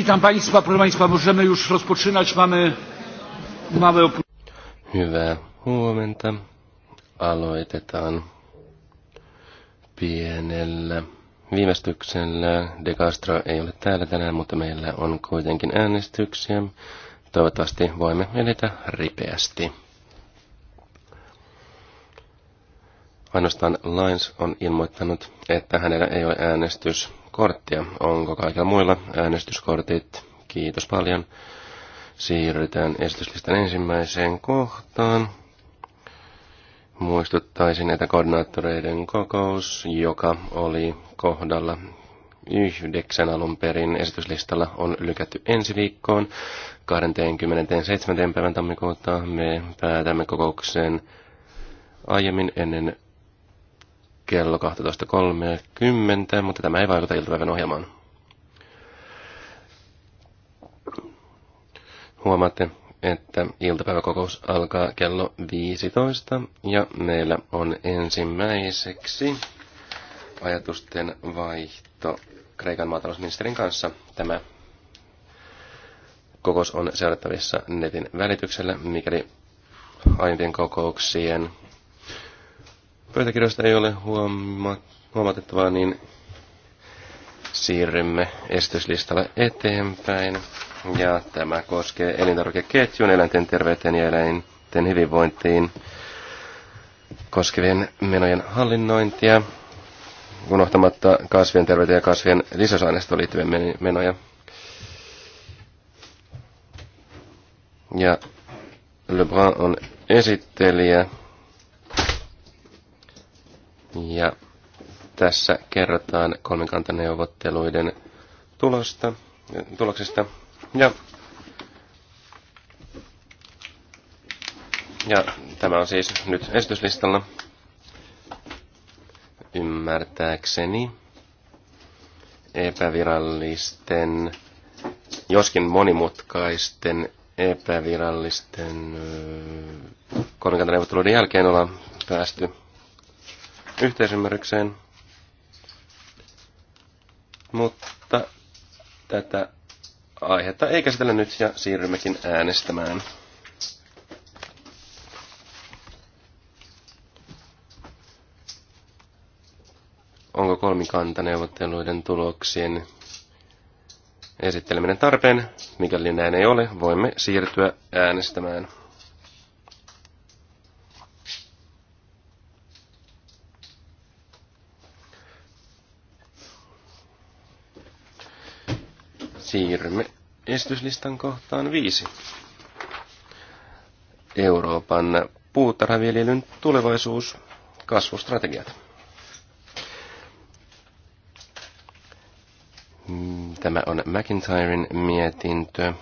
witam państwa proszę państwa możemy już rozpoczynać mamy mamy Hyvää huomenta. Aloitetaan pienellä viimeistyksellä De Castro ei ole täällä tänään, mutta meillä on kuitenkin äänestyksiä. Toivottavasti voimme edetä ripeästi. Ainoastaan Lines on ilmoittanut, että hänellä ei ole äänestys korttia. Onko kaikilla muilla äänestyskortit? Kiitos paljon. Siirrytään esityslistan ensimmäiseen kohtaan. Muistuttaisin, että koordinaattoreiden kokous, joka oli kohdalla yhdeksän alun perin esityslistalla, on lykätty ensi viikkoon 27. päivän tammikuuta. Me päätämme kokoukseen aiemmin ennen kello 12.30, mutta tämä ei vaikuta iltapäivän ohjelmaan. Huomaatte, että iltapäiväkokous alkaa kello 15 ja meillä on ensimmäiseksi ajatusten vaihto Kreikan maatalousministerin kanssa. Tämä kokous on seurattavissa netin välityksellä, mikäli aiempien kokouksien pöytäkirjoista ei ole huoma- huomatettavaa, niin siirrymme esityslistalle eteenpäin. Ja tämä koskee elintarvikeketjun, eläinten terveyteen ja eläinten hyvinvointiin koskevien menojen hallinnointia, unohtamatta kasvien terveyteen ja kasvien lisäsaineistoon liittyviä menoja. Ja Lebrun on esittelijä ja tässä kerrotaan kolmikantaneuvotteluiden tulosta, tuloksesta. Ja, ja tämä on siis nyt esityslistalla ymmärtääkseni epävirallisten, joskin monimutkaisten epävirallisten kolmikantaneuvotteluiden jälkeen ollaan päästy yhteisymmärrykseen, mutta tätä aihetta ei käsitellä nyt ja siirrymmekin äänestämään. Onko kolmikantaneuvotteluiden tuloksien esitteleminen tarpeen? Mikäli näin ei ole, voimme siirtyä äänestämään. siirrymme esityslistan kohtaan viisi. Euroopan puutarhaviljelyn tulevaisuus, kasvustrategiat. Tämä on McIntyren mietintö.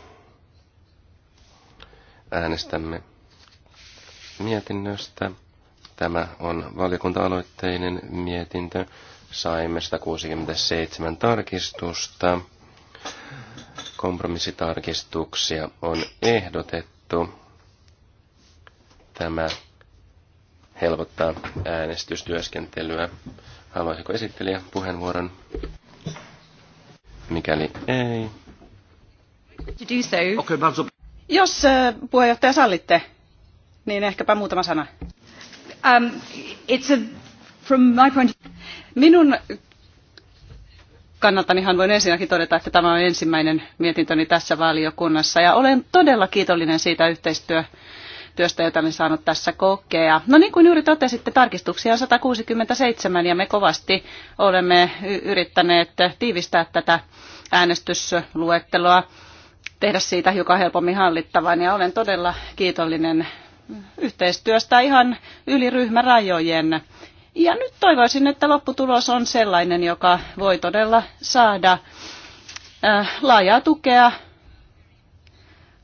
Äänestämme mietinnöstä. Tämä on valiokunta-aloitteinen mietintö. Saimme 167 tarkistusta kompromissitarkistuksia on ehdotettu. Tämä helpottaa äänestystyöskentelyä. Haluaisiko esittelijä puheenvuoron? Mikäli ei. Jos äh, puheenjohtaja sallitte, niin ehkäpä muutama sana. Um, it's a, from my point... Minun kannaltanihan voin ensinnäkin todeta, että tämä on ensimmäinen mietintöni tässä valiokunnassa ja olen todella kiitollinen siitä yhteistyöstä, jota olen saanut tässä kokea. No niin kuin juuri totesitte, tarkistuksia on 167 ja me kovasti olemme yrittäneet tiivistää tätä äänestysluetteloa, tehdä siitä joka helpommin hallittavan ja olen todella kiitollinen yhteistyöstä ihan yli ryhmärajojen ja nyt toivoisin, että lopputulos on sellainen, joka voi todella saada äh, laajaa tukea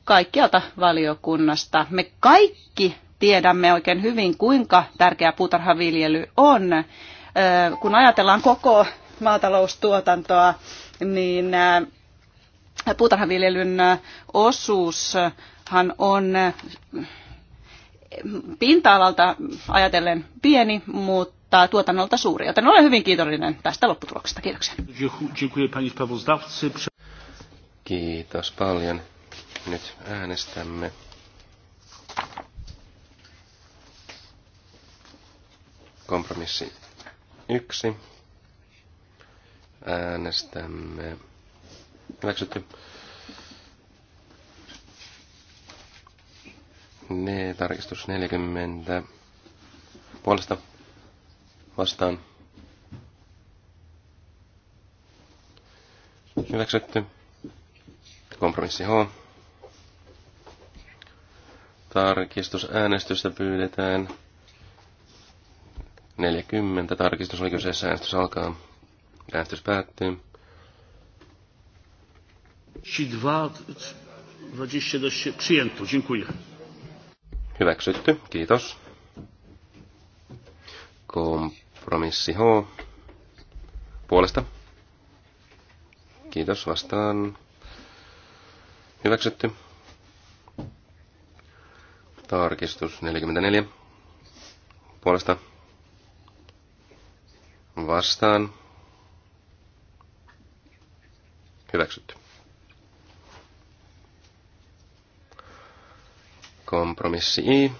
kaikkialta valiokunnasta. Me kaikki tiedämme oikein hyvin, kuinka tärkeä puutarhaviljely on. Äh, kun ajatellaan koko maataloustuotantoa, niin äh, puutarhaviljelyn osuushan on pinta-alalta ajatellen pieni, mutta tai tuotannolta suuri. Joten olen hyvin kiitollinen tästä lopputuloksesta. Kiitoksia. Kiitos paljon. Nyt äänestämme. Kompromissi yksi. Äänestämme. Hyväksytty. Ne, tarkistus 40. Puolesta vastaan. Hyväksytty. Kompromissi H. Tarkistusäänestystä pyydetään. 40. Tarkistus oli kyseessä. Äänestys alkaa. Äänestys päättyy. 22 Hyväksytty. Kiitos. Kompromissi Kompromissi H. Puolesta. Kiitos vastaan. Hyväksytty. Tarkistus 44. Puolesta. Vastaan. Hyväksytty. Kompromissi I.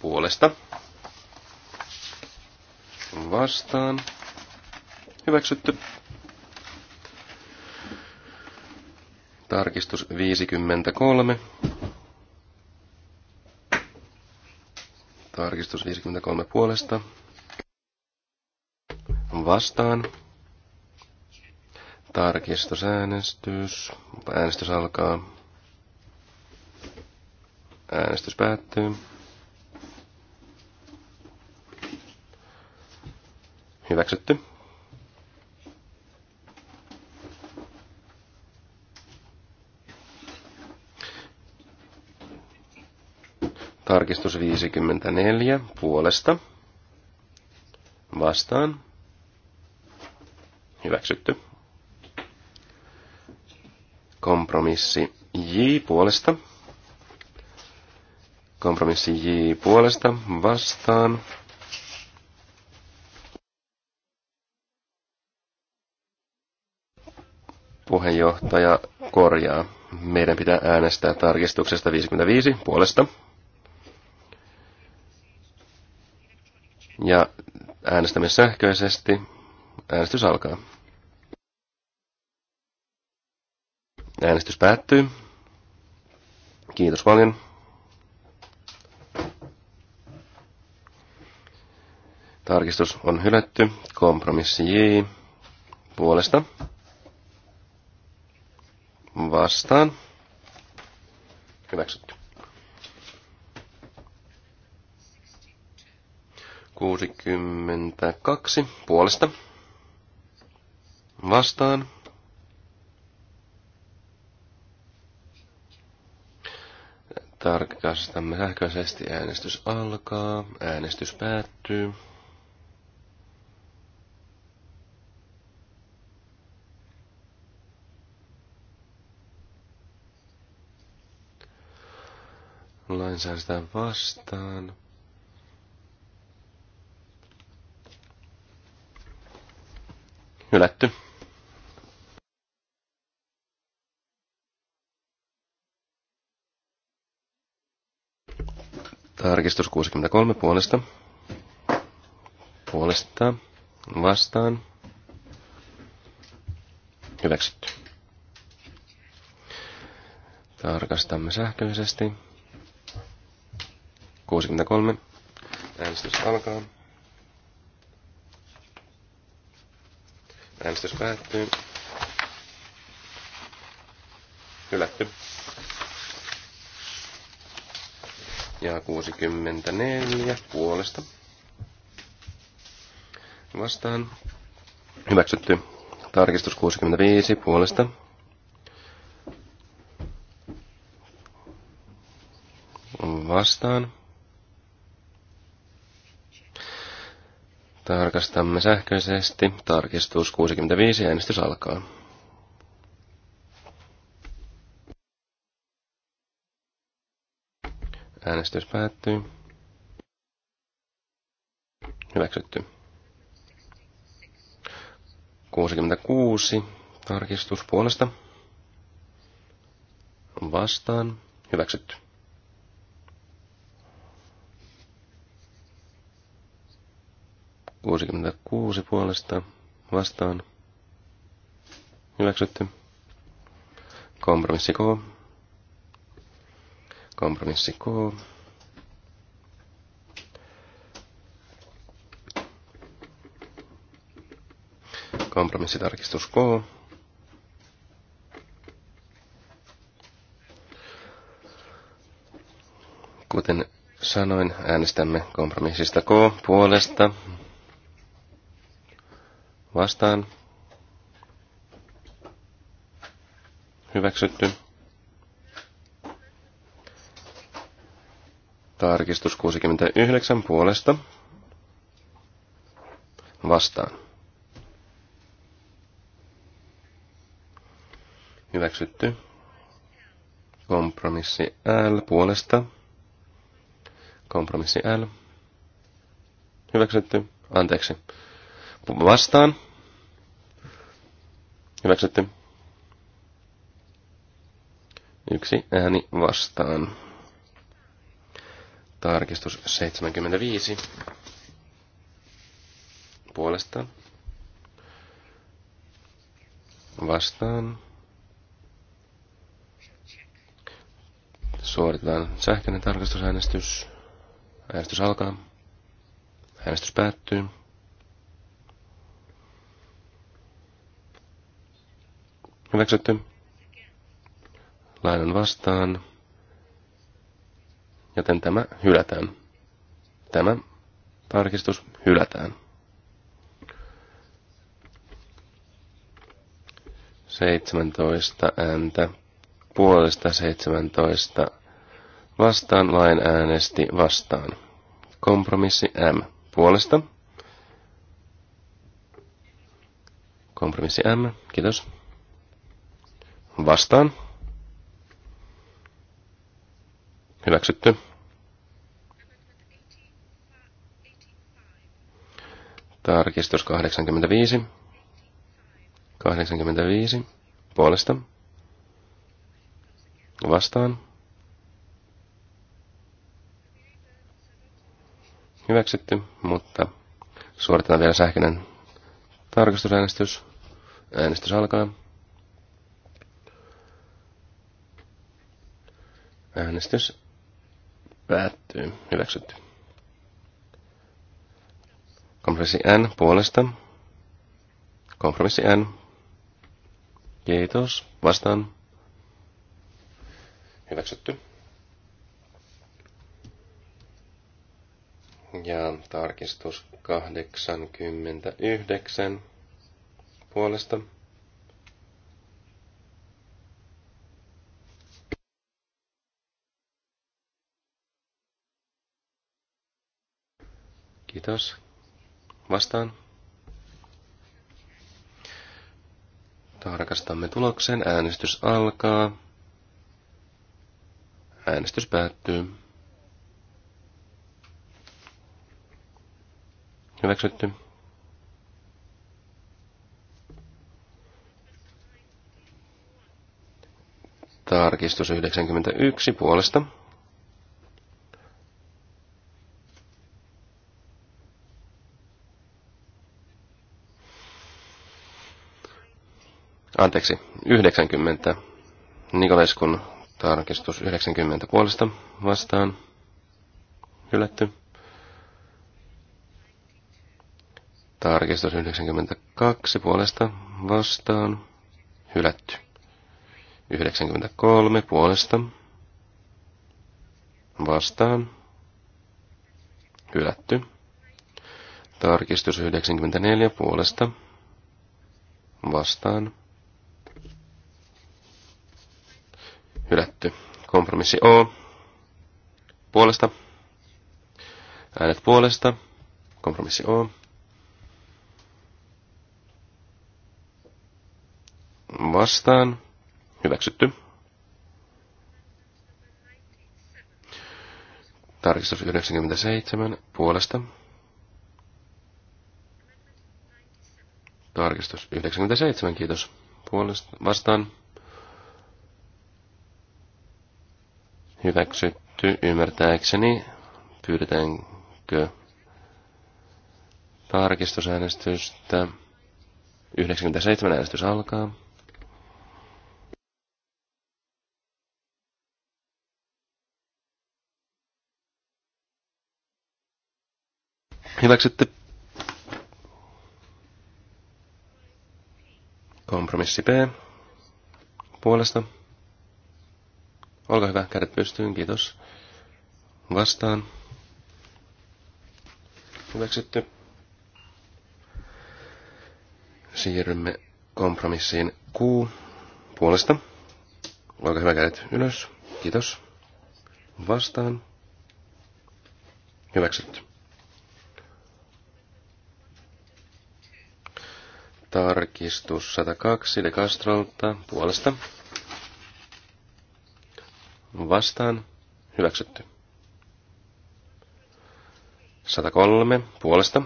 Puolesta vastaan. Hyväksytty. Tarkistus 53. Tarkistus 53 puolesta. Vastaan. Tarkistusäänestys. Äänestys alkaa. Äänestys päättyy. Hyväksytty. Tarkistus 54 puolesta. Vastaan. Hyväksytty. Kompromissi J puolesta. Kompromissi J puolesta vastaan Puheenjohtaja korjaa. Meidän pitää äänestää tarkistuksesta 55 puolesta. Ja äänestämme sähköisesti. Äänestys alkaa. Äänestys päättyy. Kiitos paljon. Tarkistus on hylätty. Kompromissi J puolesta vastaan. Hyväksytty. 62 puolesta. Vastaan. Tarkastamme sähköisesti. Äänestys alkaa. Äänestys päättyy. sitä vastaan. Hylätty. Tarkistus 63 puolesta. Puolesta vastaan. Hyväksytty. Tarkastamme sähköisesti. 63. Äänestys alkaa. Äänestys päättyy. Hylätty. Ja 64 puolesta. Vastaan. Hyväksytty. Tarkistus 65 puolesta. Vastaan. Tarkastamme sähköisesti. Tarkistus 65. Äänestys alkaa. Äänestys päättyy. Hyväksytty. 66. Tarkistus puolesta. Vastaan. Hyväksytty. 66 puolesta vastaan. Hyväksytty. Kompromissi K. Kompromissi K. Kompromissitarkistus K. Kuten sanoin, äänestämme kompromissista K puolesta vastaan. Hyväksytty. Tarkistus 69 puolesta. Vastaan. Hyväksytty. Kompromissi L puolesta. Kompromissi L. Hyväksytty. Anteeksi. Vastaan. Hyväksytty. Yksi ääni vastaan. Tarkistus 75. Puolesta. Vastaan. Suoritetaan sähköinen tarkastusäänestys. Äänestys alkaa. Äänestys päättyy. Hyväksytty. Lainan vastaan. Joten tämä hylätään. Tämä tarkistus hylätään. Seitsemäntoista ääntä puolesta 17 vastaan lain äänesti vastaan. Kompromissi M puolesta. Kompromissi M, kiitos vastaan. Hyväksytty. Tarkistus 85. 85. Puolesta. Vastaan. Hyväksytty, mutta suoritetaan vielä sähköinen tarkistusäänestys. Äänestys alkaa. Äänestys päättyy. Hyväksytty. Kompromissi N puolesta. Kompromissi N. Kiitos. Vastaan. Hyväksytty. Ja tarkistus 89 puolesta Kiitos. Vastaan. Tarkastamme tuloksen. Äänestys alkaa. Äänestys päättyy. Hyväksytty. Tarkistus 91 puolesta. Anteeksi, 90. Nikolaiskun tarkistus 90 puolesta vastaan. Hylätty. Tarkistus 92 puolesta vastaan. Hylätty. 93 puolesta vastaan. Hylätty. Tarkistus 94 puolesta vastaan. hylätty. Kompromissi O. Puolesta. Äänet puolesta. Kompromissi O. Vastaan. Hyväksytty. Tarkistus 97 puolesta. Tarkistus 97, kiitos. Puolesta vastaan. hyväksytty ymmärtääkseni. Pyydetäänkö tarkistusäänestystä? 97 äänestys alkaa. Hyväksytty. Kompromissi B puolesta Olkaa hyvä, kädet pystyyn, kiitos. Vastaan. Hyväksytty. Siirrymme kompromissiin Q puolesta. Olkaa hyvä, kädet ylös. Kiitos. Vastaan. Hyväksytty. Tarkistus 102 De Castrolta puolesta vastaan hyväksytty. 103 puolesta.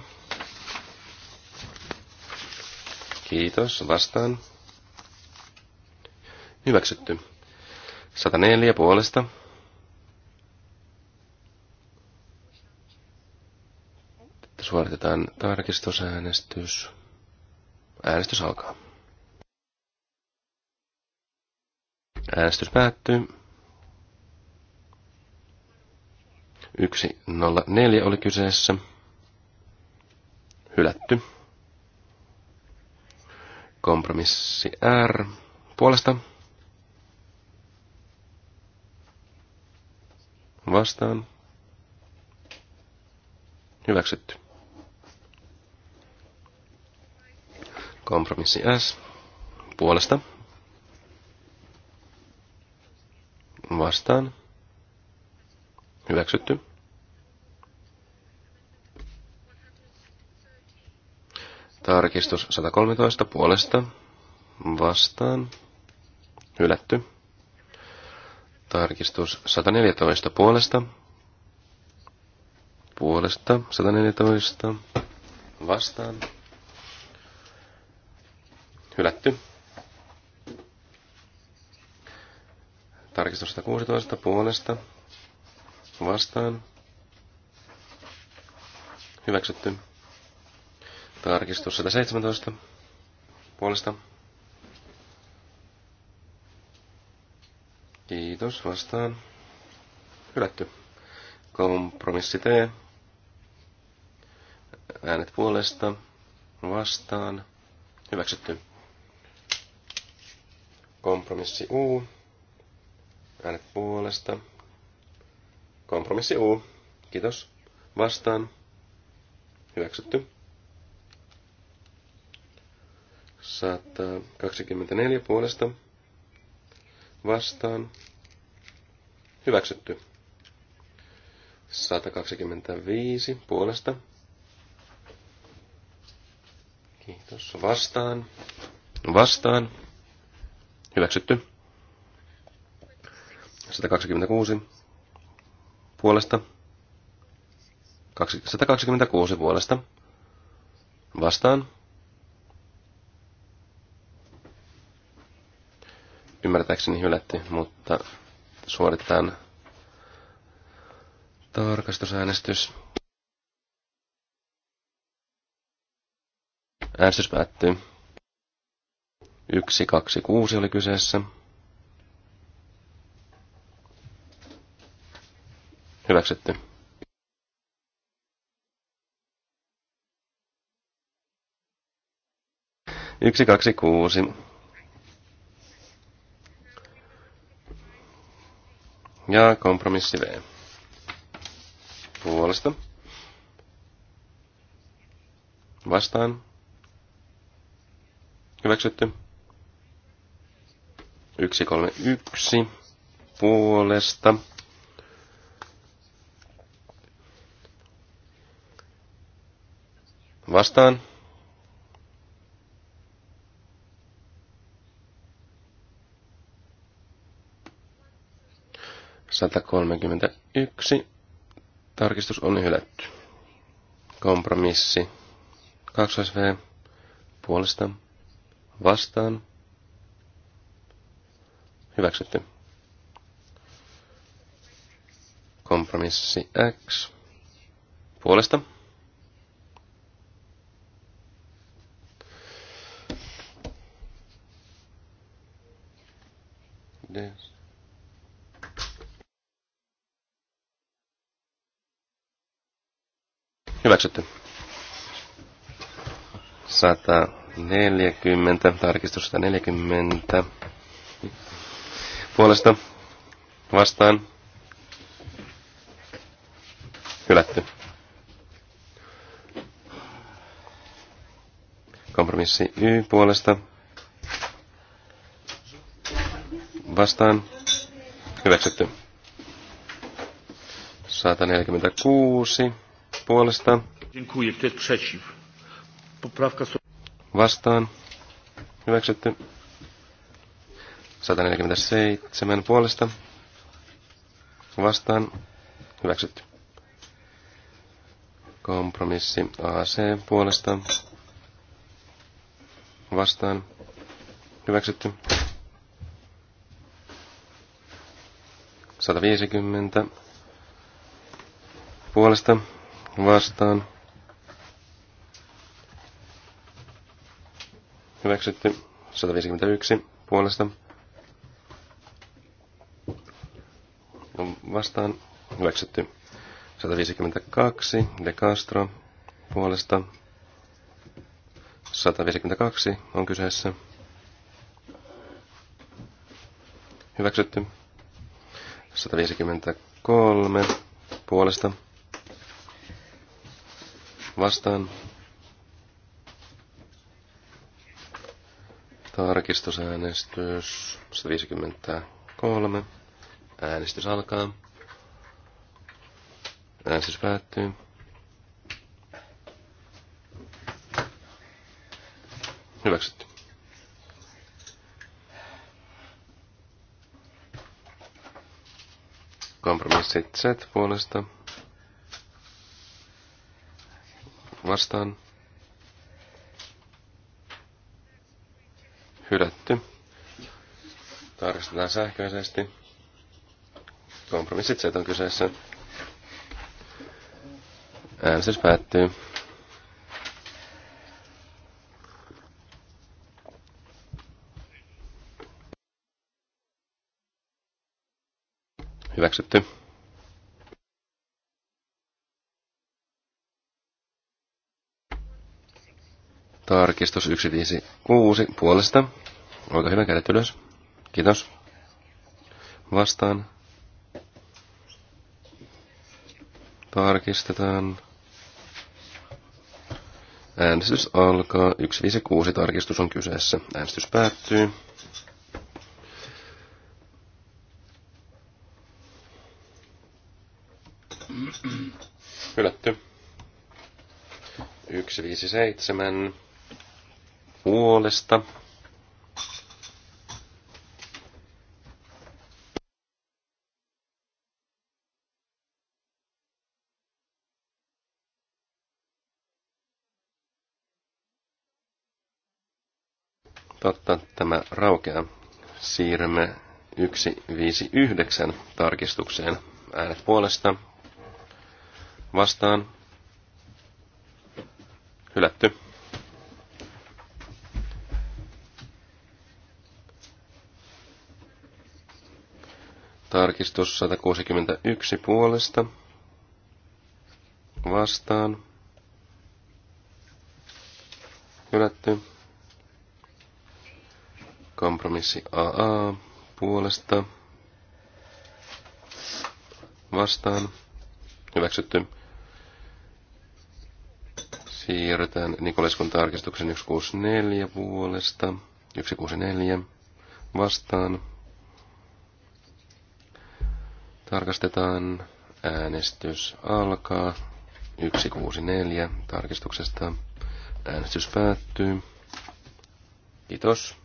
Kiitos, vastaan. Hyväksytty. 104 puolesta. Suoritetaan tarkistusäänestys. Äänestys alkaa. Äänestys päättyy. 104 oli kyseessä. Hylätty. Kompromissi R puolesta. Vastaan. Hyväksytty. Kompromissi S puolesta. Vastaan. Hyväksytty. Tarkistus 113 puolesta vastaan. Hylätty. Tarkistus 114 puolesta. Puolesta 114 vastaan. Hylätty. Tarkistus 116 puolesta vastaan. Hyväksytty. Tarkistus 117 puolesta. Kiitos, vastaan. Hylätty. Kompromissi T. Äänet puolesta. Vastaan. Hyväksytty. Kompromissi U. Äänet puolesta. Kompromissi U. Kiitos. Vastaan. Hyväksytty. 124 puolesta vastaan. Hyväksytty. 125 puolesta. Kiitos. Vastaan. Vastaan. Hyväksytty. 126 puolesta. 126 puolesta. Vastaan. ymmärtääkseni hylätty, mutta suoritetaan tarkastusäänestys. Äänestys päättyy. 1, 2, 6 oli kyseessä. Hyväksytty. Yksi, kaksi, kuusi. Ja kompromissi V. Puolesta. Vastaan. Hyväksytty. 131 puolesta. Vastaan. 131. Tarkistus on hylätty. Kompromissi. 2V puolesta vastaan. Hyväksytty. Kompromissi X puolesta Hyväksytty. 140, tarkistus 140. Puolesta vastaan. Hylätty. Kompromissi Y puolesta. Vastaan. Hyväksytty. 146 puolesta. Vastaan. Hyväksytty. 147 puolesta. Vastaan. Hyväksytty. Kompromissi AC puolesta. Vastaan. Hyväksytty. 150 puolesta vastaan. Hyväksytty 151 puolesta. Vastaan hyväksytty 152 De Castro puolesta. 152 on kyseessä. Hyväksytty 153 puolesta vastaan. Tarkistusäänestys 153. Äänestys alkaa. Äänestys päättyy. Hyväksytty. Kompromissit Z puolesta vastaan. Hylätty. Tarkastetaan sähköisesti. Kompromissit Z on kyseessä. Äänestys päättyy. Hyväksytty. Tarkistus 156 puolesta. Olkaa hyvä, kädet ylös. Kiitos. Vastaan. Tarkistetaan. Äänestys alkaa. 156 tarkistus on kyseessä. Äänestys päättyy. Hylätty. 157 puolesta. Totta, tämä raukeaa. Siirrymme 159 tarkistukseen. Äänet puolesta. Vastaan. Hylätty. Tarkistus 161 puolesta. Vastaan. Hylätty. Kompromissi AA puolesta. Vastaan. Hyväksytty. Siirrytään Nikoleskun tarkistuksen 164 puolesta. 164 vastaan Tarkastetaan. Äänestys alkaa. 164 tarkistuksesta. Äänestys päättyy. Kiitos.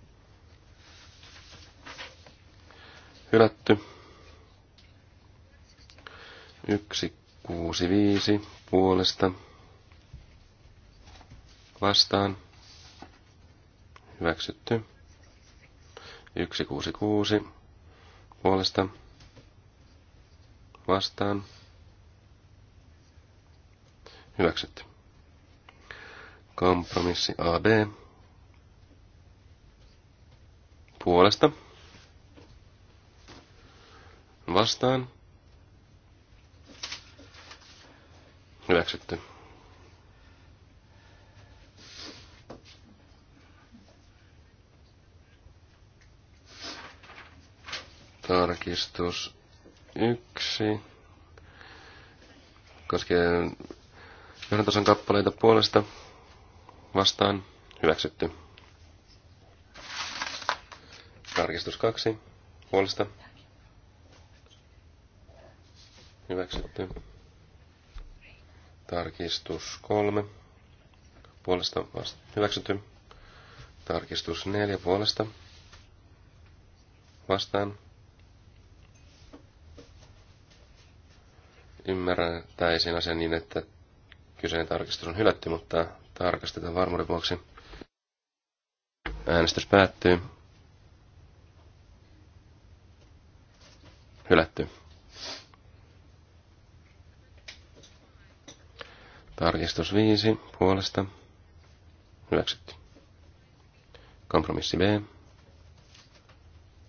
Hylätty. 165 puolesta. Vastaan. Hyväksytty. 166 puolesta vastaan. Hyväksytty. Kompromissi AB. Puolesta. Vastaan. Hyväksytty. Tarkistus yksi koskee tason kappaleita puolesta vastaan hyväksytty. Tarkistus kaksi puolesta hyväksytty. Tarkistus kolme puolesta vasta- hyväksytty. Tarkistus neljä puolesta vastaan ymmärtäisin asian niin, että kyseinen tarkistus on hylätty, mutta tarkastetaan varmuuden vuoksi. Äänestys päättyy. Hylätty. Tarkistus 5 puolesta. Hyväksytty. Kompromissi B.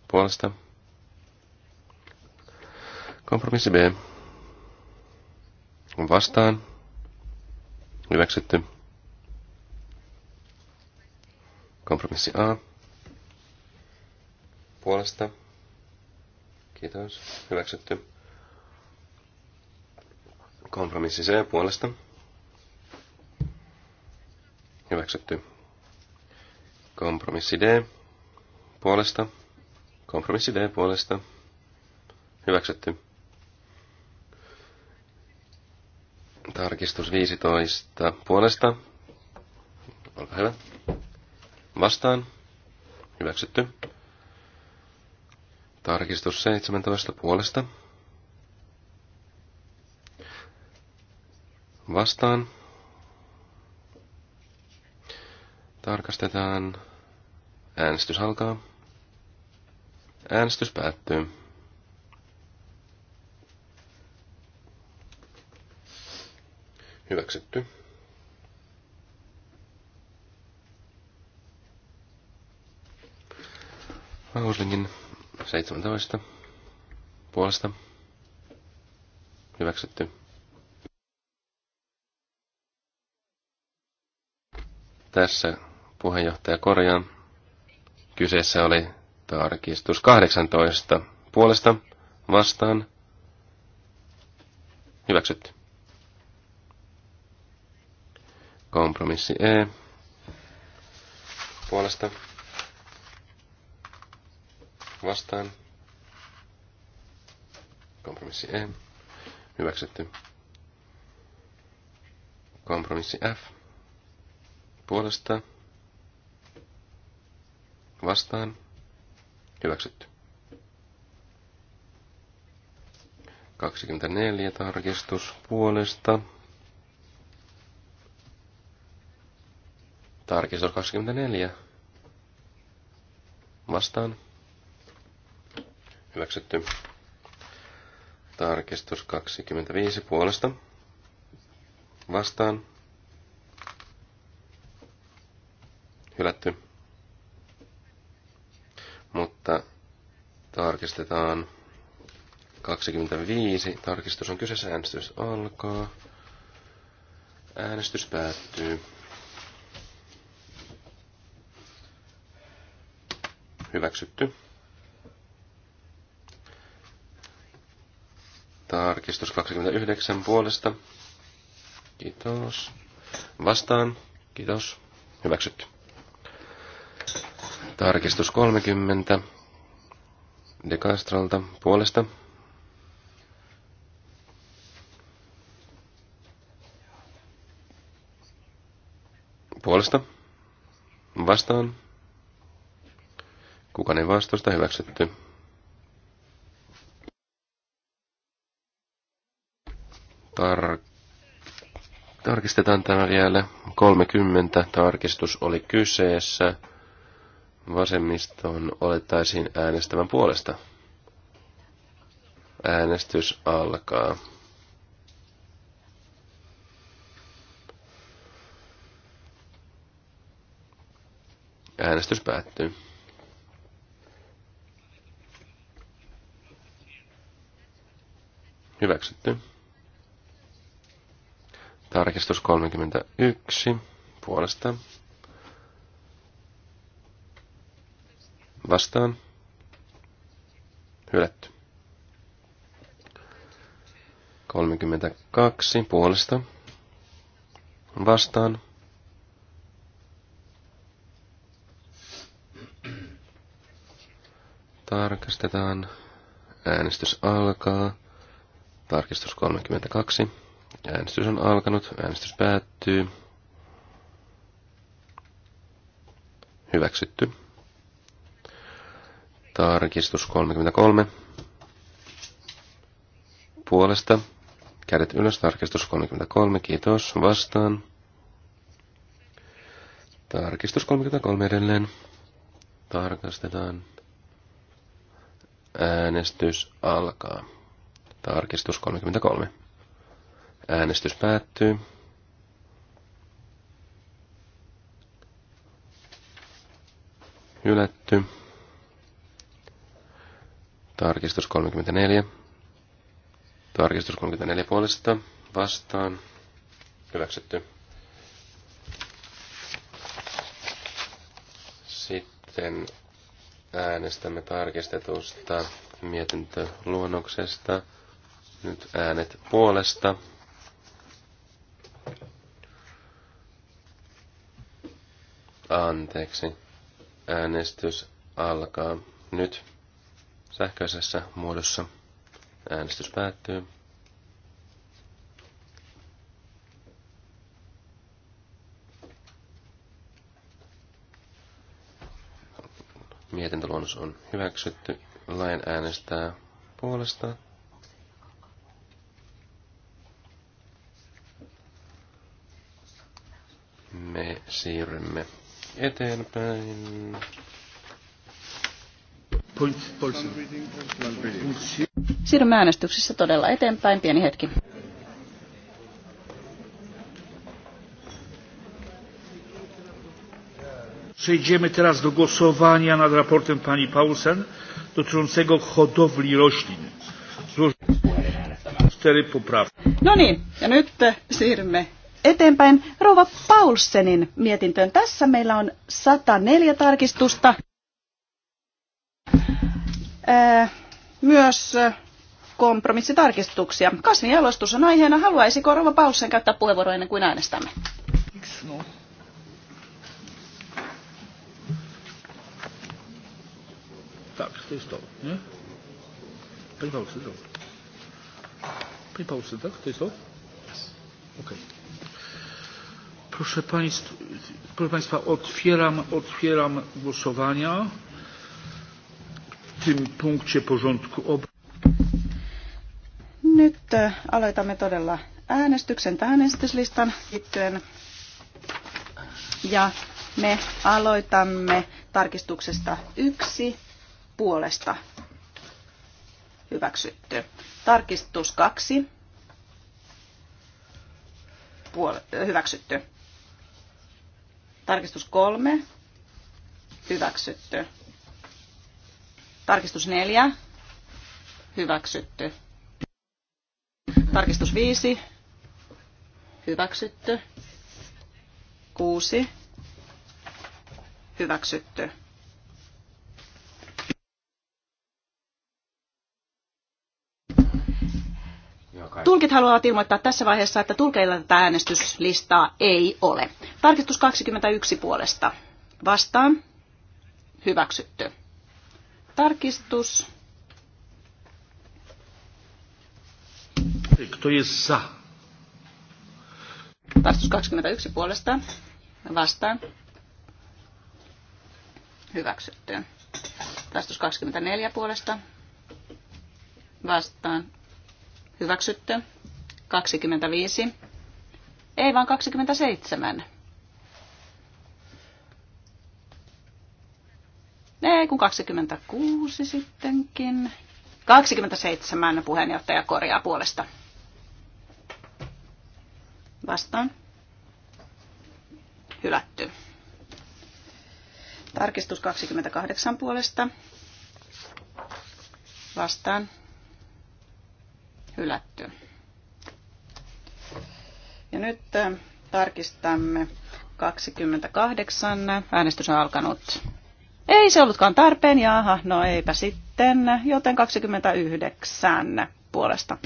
Puolesta. Kompromissi B vastaan. Hyväksytty. Kompromissi A. Puolesta. Kiitos. Hyväksytty. Kompromissi C puolesta. Hyväksytty. Kompromissi D puolesta. Kompromissi D puolesta. Hyväksytty. Tarkistus 15 puolesta. Olkaa hyvä. Vastaan. Hyväksytty. Tarkistus 17 puolesta. Vastaan. Tarkastetaan. Äänestys alkaa. Äänestys päättyy. Hyväksytty. Hauslingin 17 puolesta. Hyväksytty. Tässä puheenjohtaja korjaa. Kyseessä oli tarkistus 18 puolesta vastaan. Hyväksytty. Kompromissi E puolesta vastaan. Kompromissi E. Hyväksytty. Kompromissi F. Puolesta. Vastaan. Hyväksytty. 24 tarkistus puolesta. Tarkistus 24. Vastaan. Hyväksytty. Tarkistus 25 puolesta. Vastaan. Hylätty. Mutta tarkistetaan 25. Tarkistus on kyseessä. Äänestys alkaa. Äänestys päättyy. Hyväksytty. Tarkistus 29 puolesta. Kiitos. Vastaan. Kiitos. Hyväksytty. Tarkistus 30. De Castrolta puolesta. Puolesta. Vastaan. Kuka ne vastusta hyväksytty. Tar- tarkistetaan tämä vielä. 30 tarkistus oli kyseessä. Vasemmiston olettaisiin äänestävän puolesta. Äänestys alkaa. Äänestys päättyy. Hyväksytty. Tarkistus 31 puolesta. Vastaan. Hylätty. 32 puolesta. Vastaan. Tarkastetaan. Äänestys alkaa. Tarkistus 32. Äänestys on alkanut. Äänestys päättyy. Hyväksytty. Tarkistus 33. Puolesta. Kädet ylös. Tarkistus 33. Kiitos. Vastaan. Tarkistus 33 edelleen. Tarkastetaan. Äänestys alkaa. Tarkistus 33. Äänestys päättyy. Hylätty. Tarkistus 34. Tarkistus 34 puolesta vastaan. Hyväksytty. Sitten äänestämme tarkistetusta mietintöluonnoksesta. Nyt äänet puolesta. Anteeksi. Äänestys alkaa nyt sähköisessä muodossa. Äänestys päättyy. Mietintöluonnos on hyväksytty. Lain äänestää puolesta siirrymme eteenpäin. Siirrymme äänestyksessä todella eteenpäin. Pieni hetki. Przejdziemy teraz do głosowania nad raportem pani Paulsen dotyczącego hodowli roślin. Złożono cztery poprawki. No niin, ja nyt siirrymme eteenpäin Rova Paulsenin mietintöön. Tässä meillä on 104 tarkistusta. Äh, myös äh, kompromissitarkistuksia. jalostus on aiheena. Haluaisiko Rova Paulsen käyttää puheenvuoro ennen kuin äänestämme? Tak, to jest to, nie? Pani Paulsen, tak? To jest to? Okej. Okay. Proszę Państwa, otwieram, otwieram głosowania w tym punkcie porządku obrad. Nyt e, aloitamme todella äänestyksen äänestyslistan liittyen. Ja me aloitamme tarkistuksesta yksi puolesta hyväksytty. Tarkistus kaksi hyväksytty. Tarkistus kolme. Hyväksytty. Tarkistus neljä. Hyväksytty. Tarkistus viisi. Hyväksytty. Kuusi. Hyväksytty. Tulkit haluavat ilmoittaa tässä vaiheessa, että tulkeilla tätä äänestyslistaa ei ole. Tarkistus 21 puolesta. Vastaan. Hyväksytty. Tarkistus. Tarkistus 21 puolesta. Vastaan. Hyväksytty. Tarkistus 24 puolesta. Vastaan Hyväksytty. 25. Ei vaan 27. Ei kun 26 sittenkin. 27 puheenjohtaja korjaa puolesta. Vastaan. Hylätty. Tarkistus 28 puolesta. Vastaan hylätty. Ja nyt äh, tarkistamme 28. Äänestys on alkanut. Ei se ollutkaan tarpeen, jaha, no eipä sitten, joten 29 puolesta.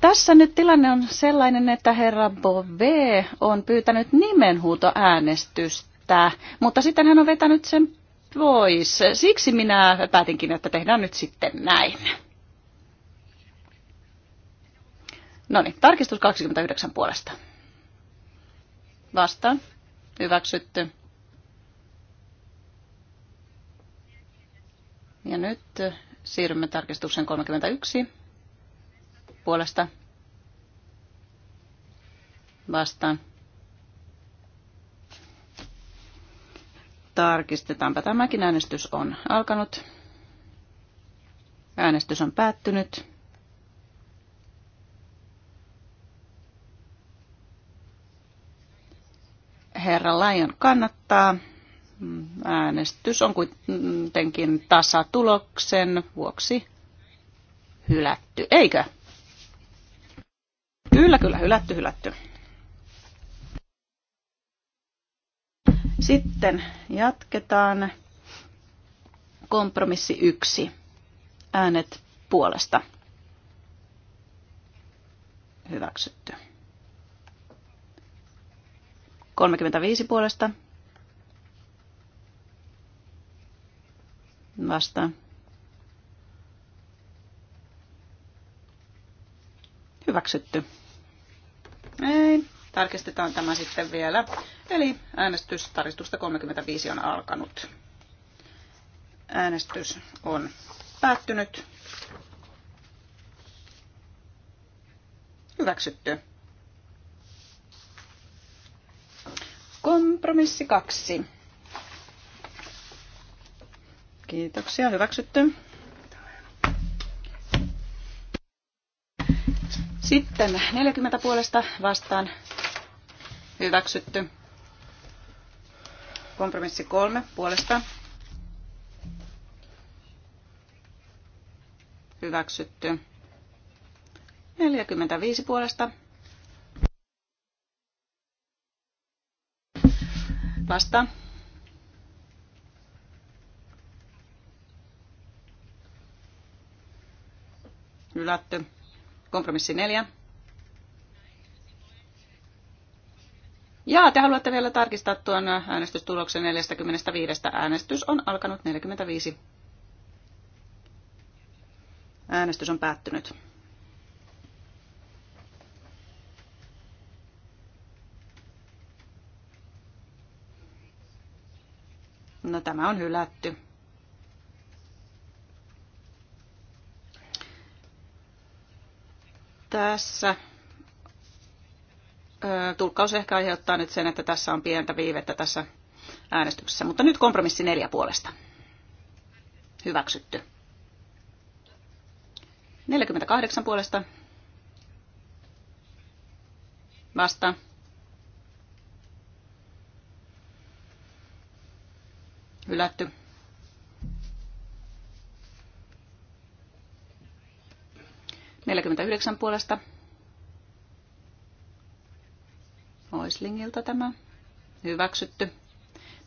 Tässä nyt tilanne on sellainen, että herra Bove on pyytänyt nimenhuutoäänestystä, mutta sitten hän on vetänyt sen pois. Siksi minä päätinkin, että tehdään nyt sitten näin. No niin, tarkistus 29 puolesta. Vastaan. Hyväksytty. Ja nyt siirrymme tarkistukseen 31 puolesta vastaan. Tarkistetaanpa tämäkin. Äänestys on alkanut. Äänestys on päättynyt. Herra Lion kannattaa. Äänestys on kuitenkin tasatuloksen vuoksi hylätty, eikö? Kyllä, kyllä, hylätty, hylätty. Sitten jatketaan. Kompromissi yksi. Äänet puolesta. Hyväksytty. 35 puolesta. Vastaan. Hyväksytty. Ei. Tarkistetaan tämä sitten vielä. Eli äänestystarkistusta 35 on alkanut. Äänestys on päättynyt. Hyväksytty. Kompromissi kaksi. Kiitoksia, hyväksytty. Sitten 40 puolesta vastaan Hyväksytty. Kompromissi kolme puolesta. Hyväksytty. 45 puolesta. Vasta. Hylätty. Kompromissi neljä Jaa, te haluatte vielä tarkistaa tuon äänestystuloksen 45. Äänestys on alkanut 45. Äänestys on päättynyt. No tämä on hylätty. Tässä tulkkaus ehkä aiheuttaa nyt sen, että tässä on pientä viivettä tässä äänestyksessä. Mutta nyt kompromissi neljä puolesta. Hyväksytty. 48 puolesta. Vasta. Hylätty. Neljäkymmentäyhdeksän puolesta. Oislingilta tämä. Hyväksytty.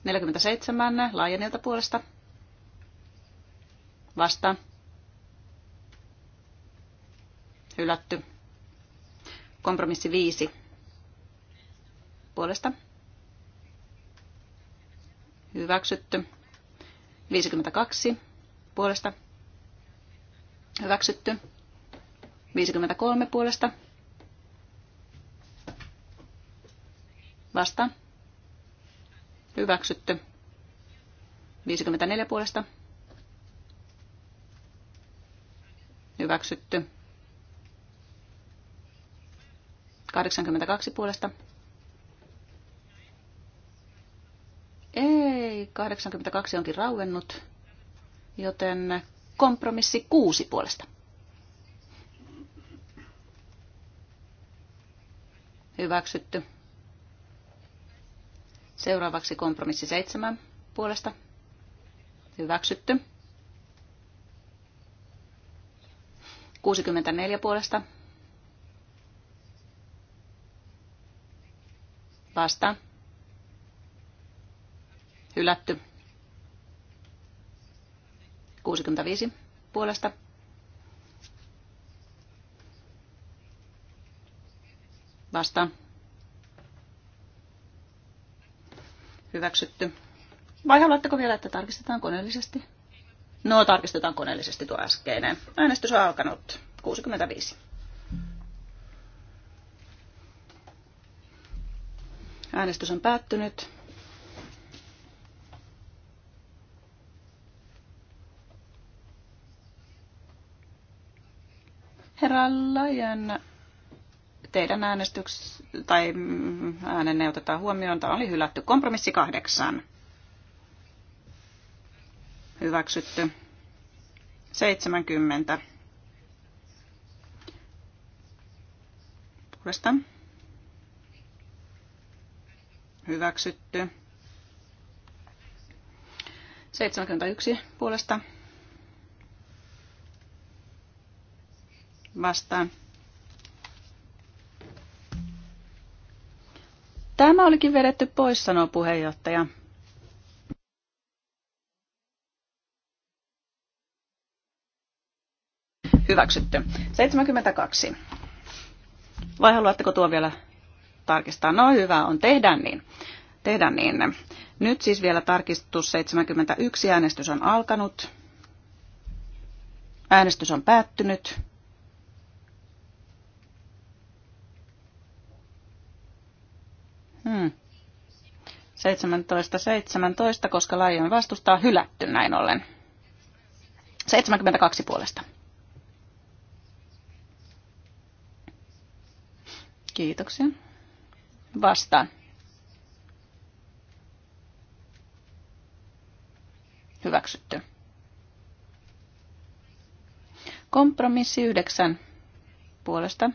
47. Laajenilta puolesta. Vasta. Hylätty. Kompromissi 5. Puolesta. Hyväksytty. 52. Puolesta. Hyväksytty. 53 puolesta Vastaan. Hyväksytty. 54 puolesta. Hyväksytty. 82 puolesta. Ei, 82 onkin rauennut, joten kompromissi 6 puolesta. Hyväksytty. Seuraavaksi kompromissi 7 puolesta. Hyväksytty. 64 puolesta. vasta, Hylätty. 65 puolesta. Vastaan. Hyväksytty. Vai haluatteko vielä, että tarkistetaan koneellisesti? No, tarkistetaan koneellisesti tuo äskeinen. Äänestys on alkanut. 65. Äänestys on päättynyt. Herra Lajan teidän äänestyks tai mm, äänenne otetaan huomioon. Tämä oli hylätty. Kompromissi kahdeksan. Hyväksytty. 70. Puolesta. Hyväksytty. 71 puolesta. Vastaan. Tämä olikin vedetty pois, sanoo puheenjohtaja. Hyväksytty. 72. Vai haluatteko tuo vielä tarkistaa? No hyvä on, tehdään niin. Tehdään niin. Nyt siis vielä tarkistus 71. Äänestys on alkanut. Äänestys on päättynyt. Hmm. 17, 17, koska Lion vastustaa hylätty näin ollen. 72 puolesta. Kiitoksia. Vastaan. Hyväksytty. Kompromissi 9 puolesta.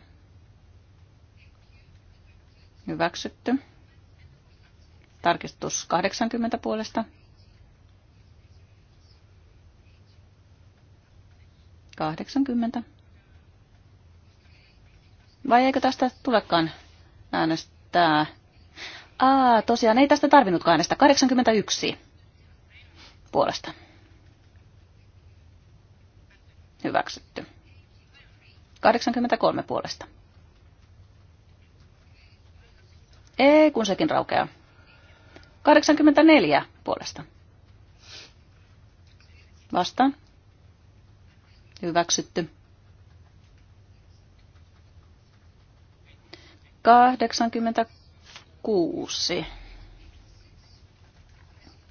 Hyväksytty. Tarkistus 80 puolesta. Kahdeksankymmentä. Vai eikö tästä tulekaan äänestää? Aa, tosiaan ei tästä tarvinnutkaan äänestää. 81 puolesta. Hyväksytty. 83 puolesta. Ei, kun sekin raukeaa. 84 puolesta. Vastaan. Hyväksytty. 86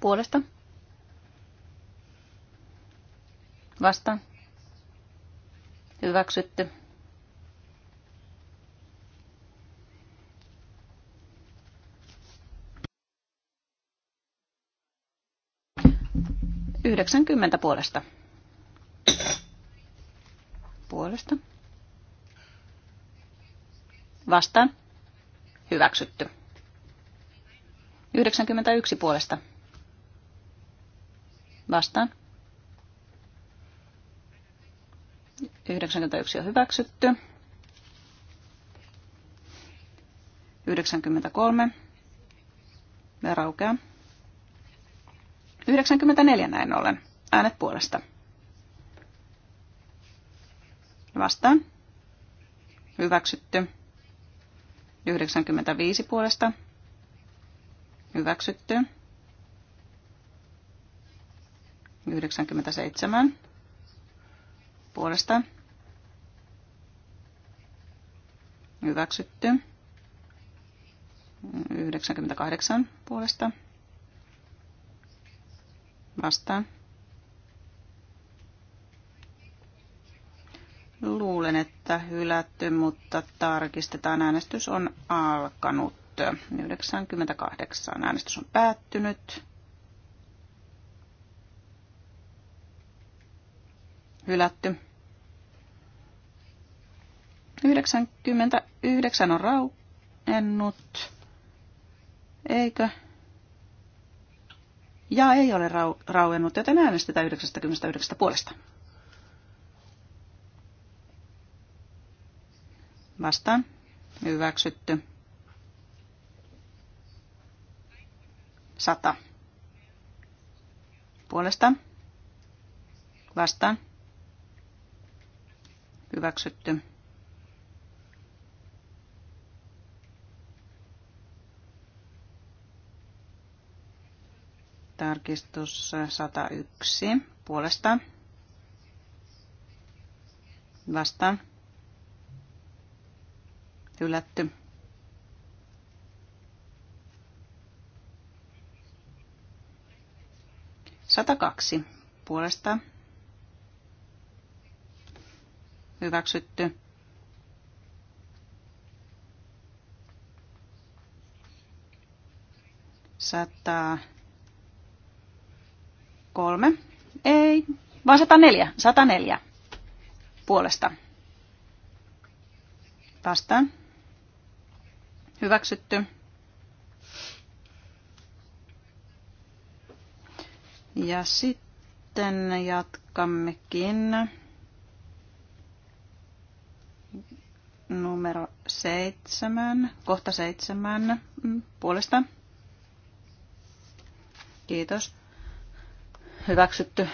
puolesta. Vastaan. Hyväksytty. 90 puolesta. Puolesta. Vastaan. Hyväksytty. 91 puolesta. Vastaan. 91 on hyväksytty. 93. Ja raukeaa. 94 näin ollen. Äänet puolesta. Vastaan. Hyväksytty. 95 puolesta. Hyväksytty. 97 puolesta. Hyväksytty. 98 puolesta. Vastaan. Luulen, että hylätty, mutta tarkistetaan. Äänestys on alkanut. 98. Äänestys on päättynyt. Hylätty. 99 on raukennut. Eikö? ja ei ole rau, rauennut, joten äänestetään 99 puolesta. Vastaan. Hyväksytty. 100. Puolesta. Vastaan. Hyväksytty. Tarkistus 101 puolesta. vasta Hylätty. kaksi puolesta. Hyväksytty. Sata Kolme. Ei. Vaan 104. 104. Puolesta. Vastaan. Hyväksytty. Ja sitten jatkammekin numero seitsemän, kohta seitsemän mm, puolesta. Kiitos. Hyväksytty.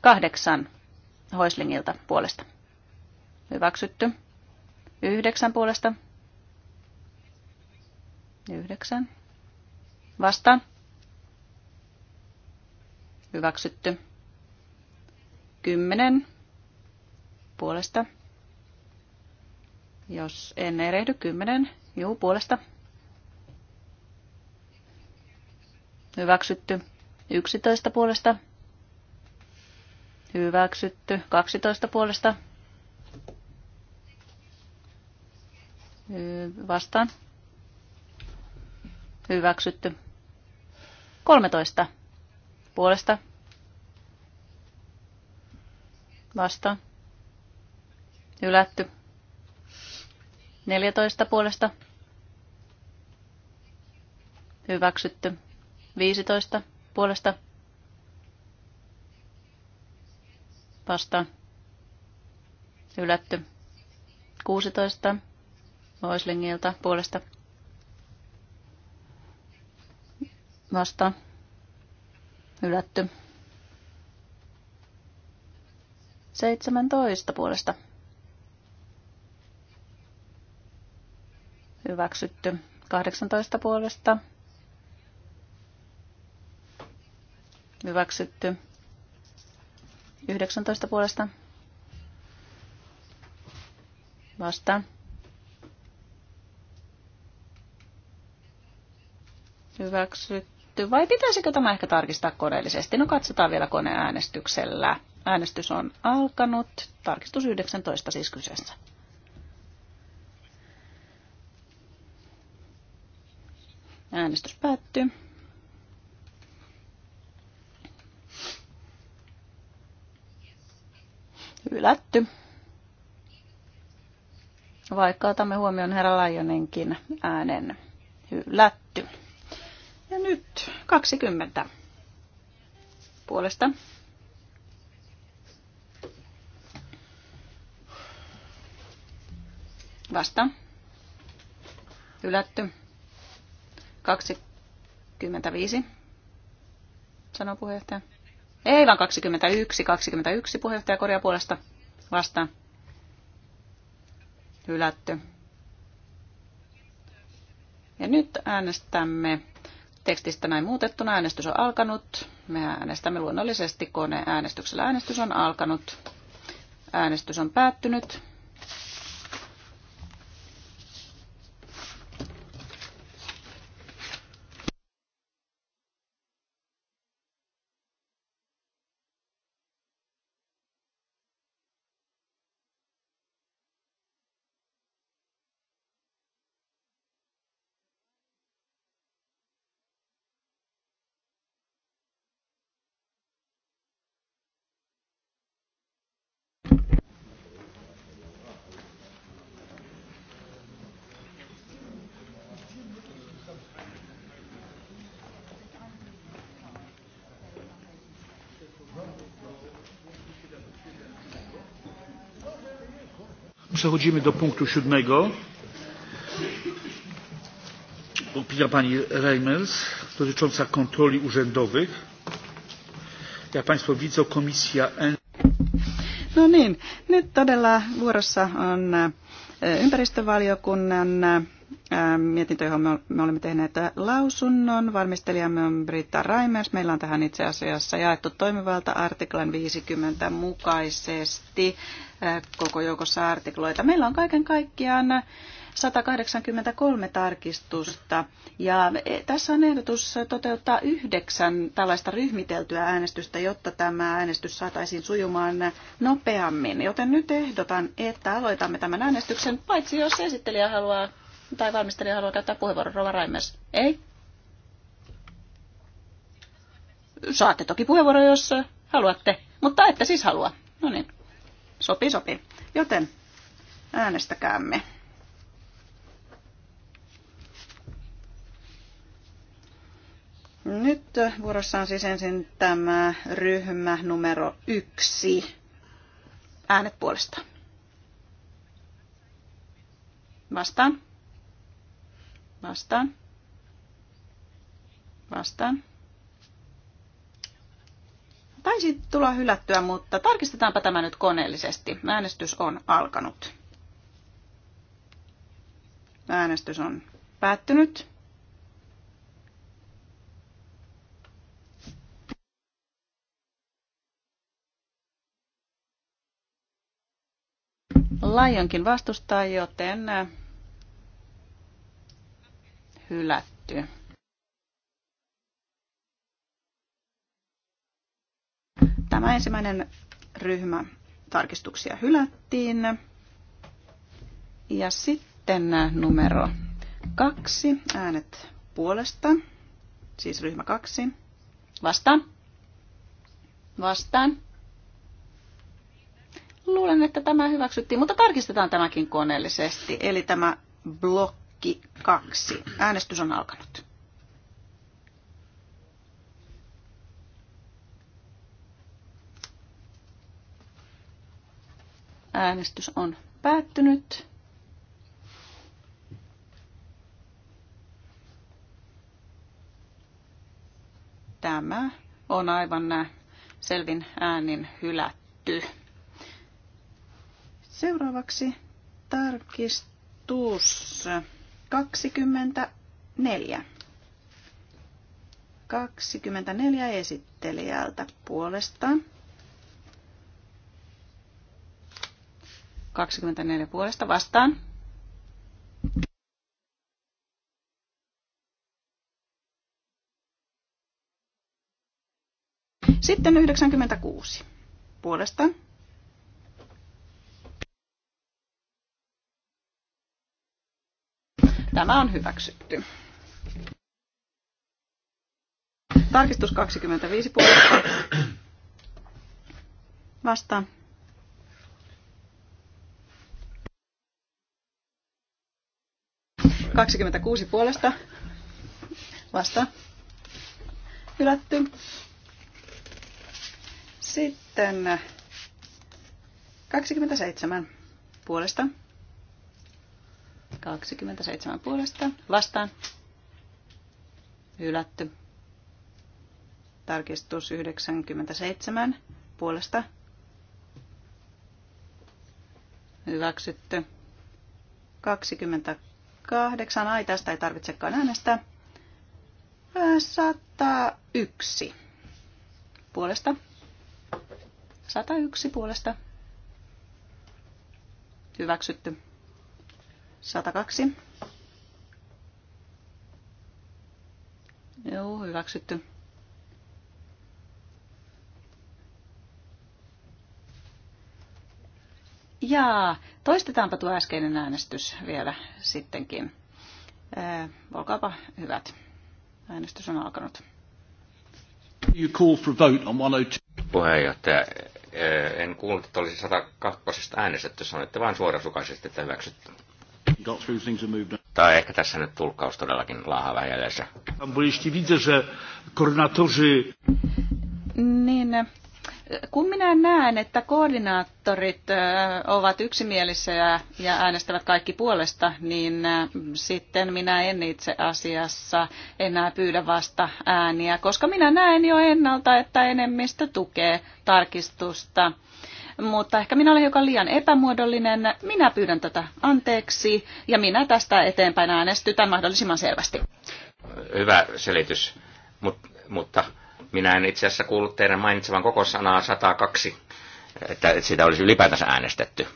Kahdeksan Hoislingilta puolesta. Hyväksytty. Yhdeksän puolesta. Yhdeksän. Vastaan. Hyväksytty. Kymmenen puolesta. Jos en erehdy, kymmenen. Juu, puolesta. Hyväksytty. 11 puolesta. Hyväksytty. 12 puolesta. Vastaan. Hyväksytty. 13 puolesta. Vastaan. Hylätty. 14 puolesta. Hyväksytty. 15 puolesta vastaan. Ylätty. 16 Voislingilta puolesta vastaan. Ylätty. 17 puolesta. Hyväksytty. 18 puolesta Hyväksytty. 19 puolesta. Vasta. Hyväksytty. Vai pitäisikö tämä ehkä tarkistaa koneellisesti? No katsotaan vielä koneäänestyksellä. Äänestys on alkanut. Tarkistus 19 siis kyseessä. Äänestys päättyy. hylätty. Vaikka otamme huomioon herra Lajoninkin äänen hylätty. Ja nyt 20 puolesta. Vasta. Hylätty. 25, sanoo puheenjohtaja. Ei vaan 21, 21 puheenjohtajakorjaa puolesta vastaan. Hylätty. Ja nyt äänestämme tekstistä näin muutettuna. Äänestys on alkanut. Me äänestämme luonnollisesti koneäänestyksellä. Äänestys on alkanut. Äänestys on päättynyt. Przechodzimy do punktu siódmego. Opinia pani Reimers dotycząca kontroli urzędowych. Jak Państwo widzą, komisja... No niin, nyt todella vuorossa on e, ympäristövaliokunnan Ähm, mietintö, johon me olemme tehneet äh, lausunnon. Varmistelijamme on Britta Raimers. Meillä on tähän itse asiassa jaettu toimivalta artiklan 50 mukaisesti äh, koko joukossa artikloita. Meillä on kaiken kaikkiaan 183 tarkistusta ja e, tässä on ehdotus toteuttaa yhdeksän tällaista ryhmiteltyä äänestystä, jotta tämä äänestys saataisiin sujumaan nopeammin. Joten nyt ehdotan, että aloitamme tämän äänestyksen, paitsi jos esittelijä haluaa tai valmistelija haluaa käyttää puheenvuoron. Rova Raimers. Ei? Saatte toki puheenvuoron, jos haluatte, mutta ette siis halua. No niin, sopii, sopii. Joten äänestäkäämme. Nyt vuorossa on siis ensin tämä ryhmä numero yksi. Äänet puolesta. Vastaan. Vastaan. Vastaan. Taisi tulla hylättyä, mutta tarkistetaanpa tämä nyt koneellisesti. Äänestys on alkanut. Äänestys on päättynyt. Lionkin vastustaa, joten äh, hylätty. Tämä ensimmäinen ryhmä tarkistuksia hylättiin. Ja sitten numero kaksi, äänet puolesta, siis ryhmä kaksi. Vastaan. Vastaan. Luulen, että tämä hyväksyttiin, mutta tarkistetaan tämäkin koneellisesti. Eli tämä blokki kaikki kaksi. Äänestys on alkanut. Äänestys on päättynyt. Tämä on aivan selvin äänin hylätty. Seuraavaksi tarkistus. 24. 24 esittelijältä puolestaan. 24 puolesta vastaan. Sitten 96 puolestaan. Nämä on hyväksytty. Tarkistus 25 puolesta. Vastaan. 26 puolesta. Vasta. Hylätty. Sitten 27 puolesta. 27 puolesta vastaan. Hylätty. Tarkistus 97 puolesta. Hyväksytty. 28. Ai, tästä ei tarvitsekaan äänestää. 101 puolesta. 101 puolesta. Hyväksytty. 102. Joo, hyväksytty. Ja toistetaanpa tuo äskeinen äänestys vielä sittenkin. Ee, äh, olkaapa hyvät. Äänestys on alkanut. You call for vote on 102. Puheenjohtaja, äh, en kuullut, että olisi 102 äänestetty. Sanoitte vain suorasukaisesti, että hyväksytty. Got through, things moved on. Tai ehkä tässä nyt tulkkaus todellakin laahaa jäljessä. Niin, kun minä näen, että koordinaattorit ovat yksimielisiä ja äänestävät kaikki puolesta, niin sitten minä en itse asiassa enää pyydä vasta ääniä, koska minä näen jo ennalta, että enemmistö tukee tarkistusta mutta ehkä minä olen hiukan liian epämuodollinen. Minä pyydän tätä anteeksi ja minä tästä eteenpäin äänestytän mahdollisimman selvästi. Hyvä selitys, Mut, mutta minä en itse asiassa kuullut teidän mainitsevan koko sanaa 102, että sitä olisi ylipäätänsä äänestetty.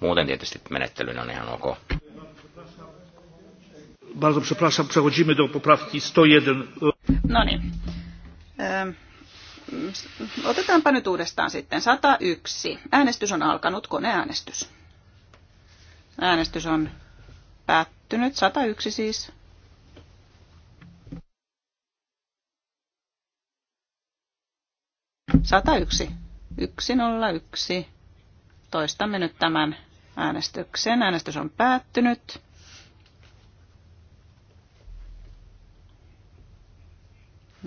Muuten tietysti menettely on ihan ok. 101. No niin. Otetaanpa nyt uudestaan sitten. 101. Äänestys on alkanut, koneäänestys. Äänestys on päättynyt. 101 siis. Sata yksi. Yksi nolla yksi. Toistamme nyt tämän äänestyksen. Äänestys on päättynyt.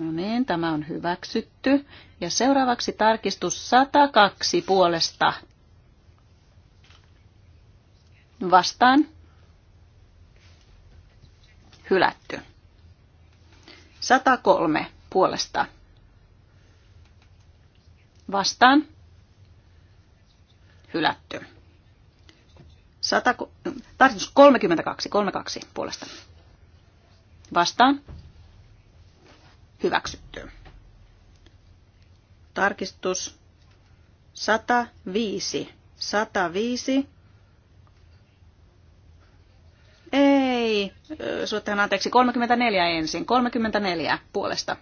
No niin, tämä on hyväksytty. Ja seuraavaksi tarkistus 102 puolesta. Vastaan. Hylätty. 103 puolesta. Vastaan. Hylätty. 100, tarkistus 32, 32 puolesta. Vastaan. Hyväksytty. Tarkistus 105. 105. Ei, suottahan anteeksi, 34 ensin. 34 puolesta.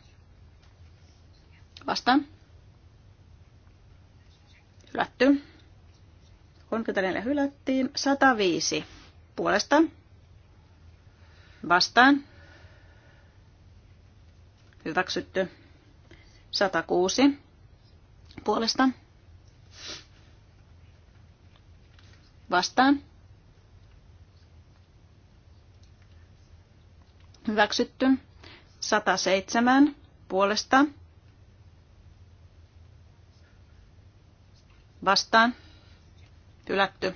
Vastaan. Hylätty. 34 hylättiin. 105 puolesta. Vastaan. Hyväksytty. 106 puolesta. Vastaan. Hyväksytty. 107 puolesta. Vastaan. Hylätty.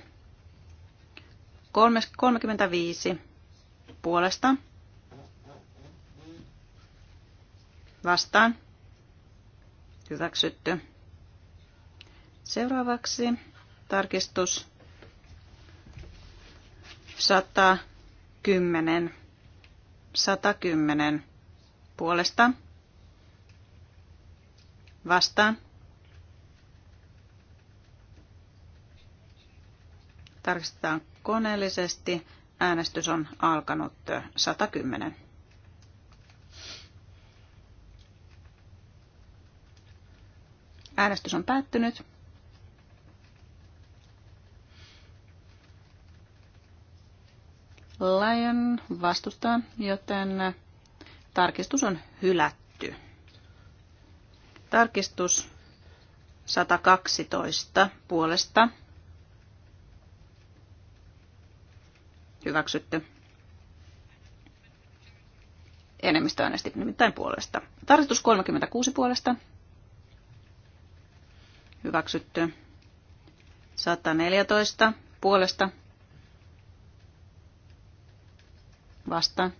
35 puolesta. Vastaan. Hyväksytty. Seuraavaksi tarkistus 110. 110 puolesta. Vastaan. Tarkistetaan koneellisesti. Äänestys on alkanut 110. Äänestys on päättynyt. Lion vastustaa, joten tarkistus on hylätty. Tarkistus 112 puolesta. Hyväksytty. Enemmistö äänesti nimittäin puolesta. Tarkistus 36 puolesta. Hyväksytty. 114 puolesta. Vasta.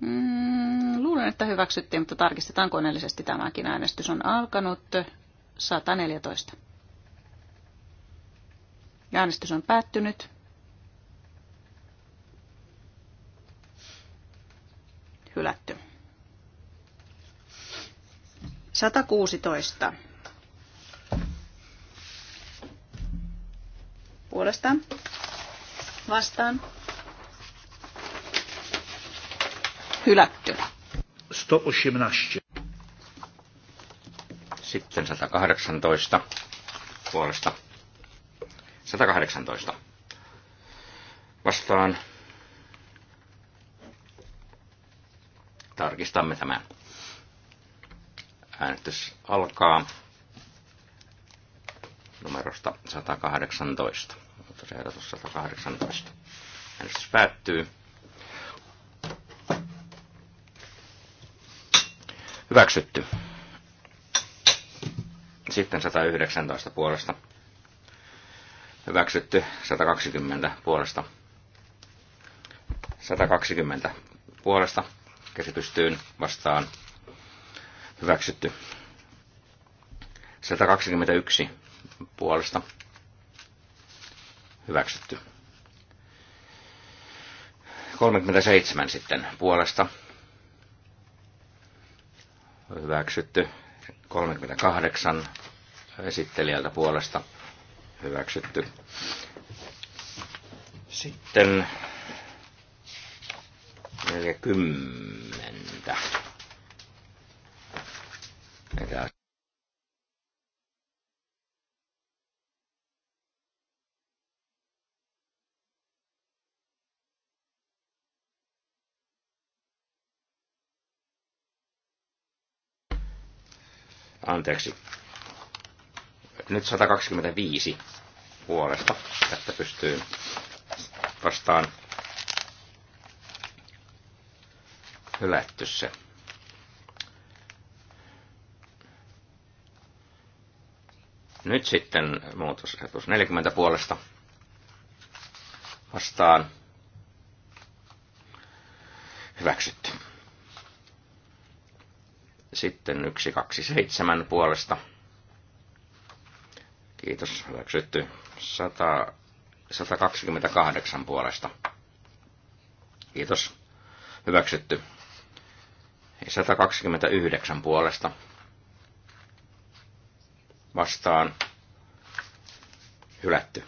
Mm, luulen, että hyväksyttiin, mutta tarkistetaan koneellisesti tämäkin äänestys on alkanut. 114. Äänestys on päättynyt. Hylätty. 116. Puolesta. Vastaan. Hylätty. 118. Sitten 118 puolesta. 118. Vastaan. Tarkistamme tämän. Äänestys alkaa numerosta 118. ehdotus 118. Äänestys päättyy. Hyväksytty. Sitten 119 puolesta. Hyväksytty 120 puolesta. 120 puolesta käsitystyyn vastaan Hyväksytty. 121 puolesta. Hyväksytty. 37 sitten puolesta. Hyväksytty. 38 esittelijältä puolesta. Hyväksytty. Sitten 40 that. Anteeksi. Nyt 125 puolesta, että pystyy vastaan hylätty se. Nyt sitten muutosehdotus 40 puolesta vastaan hyväksytty. Sitten 127 puolesta. Kiitos, hyväksytty. 100, 128 puolesta. Kiitos, hyväksytty. 129 puolesta vastaan hylätty.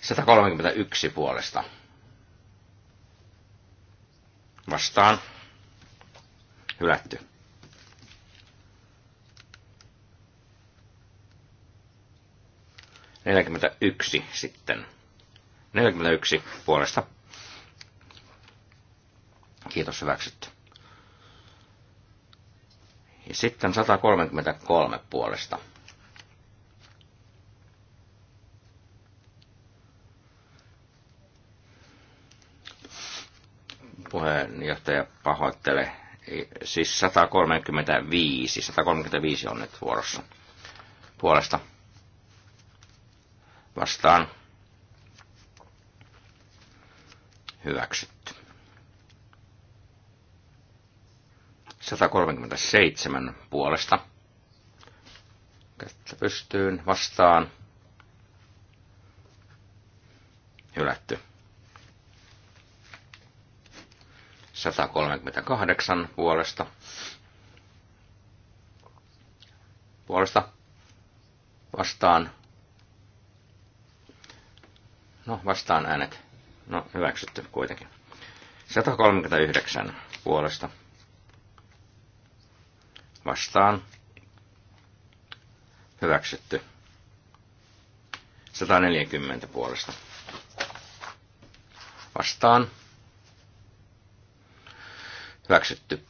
131 puolesta vastaan hylätty. Neljäkymmentä yksi sitten. Neljäkymmentä yksi puolesta. Kiitos, hyväksytty. Ja sitten 133 puolesta. Puheenjohtaja pahoittelee. Siis 135. 135 on nyt vuorossa. Puolesta. Vastaan. Hyväksytty. 137 puolesta. Kättä pystyyn vastaan. Hylätty. 138 puolesta. Puolesta vastaan. No, vastaan äänet. No, hyväksytty kuitenkin. 139 puolesta vastaan hyväksytty. 140 puolesta vastaan hyväksytty.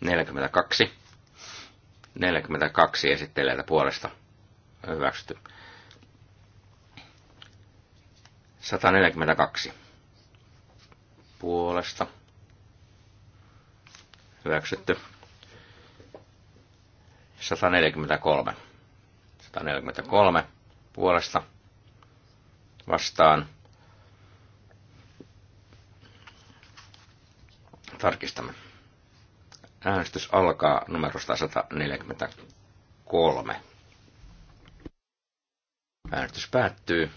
42. 42 esittelijältä puolesta hyväksytty. 142 puolesta hyväksytty. 143. 143 puolesta vastaan. Tarkistamme. Äänestys alkaa numerosta 143. Äänestys päättyy.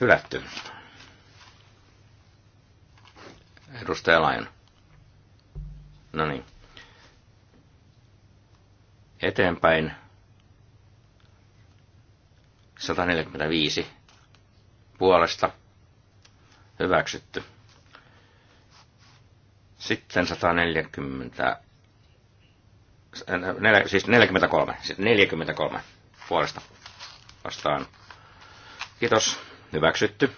Hylätty. Edustaja Lajon. No niin. Eteenpäin. 145 puolesta hyväksytty. Sitten 140, nel, siis 43, siis 43 puolesta vastaan. Kiitos. Hyväksytty.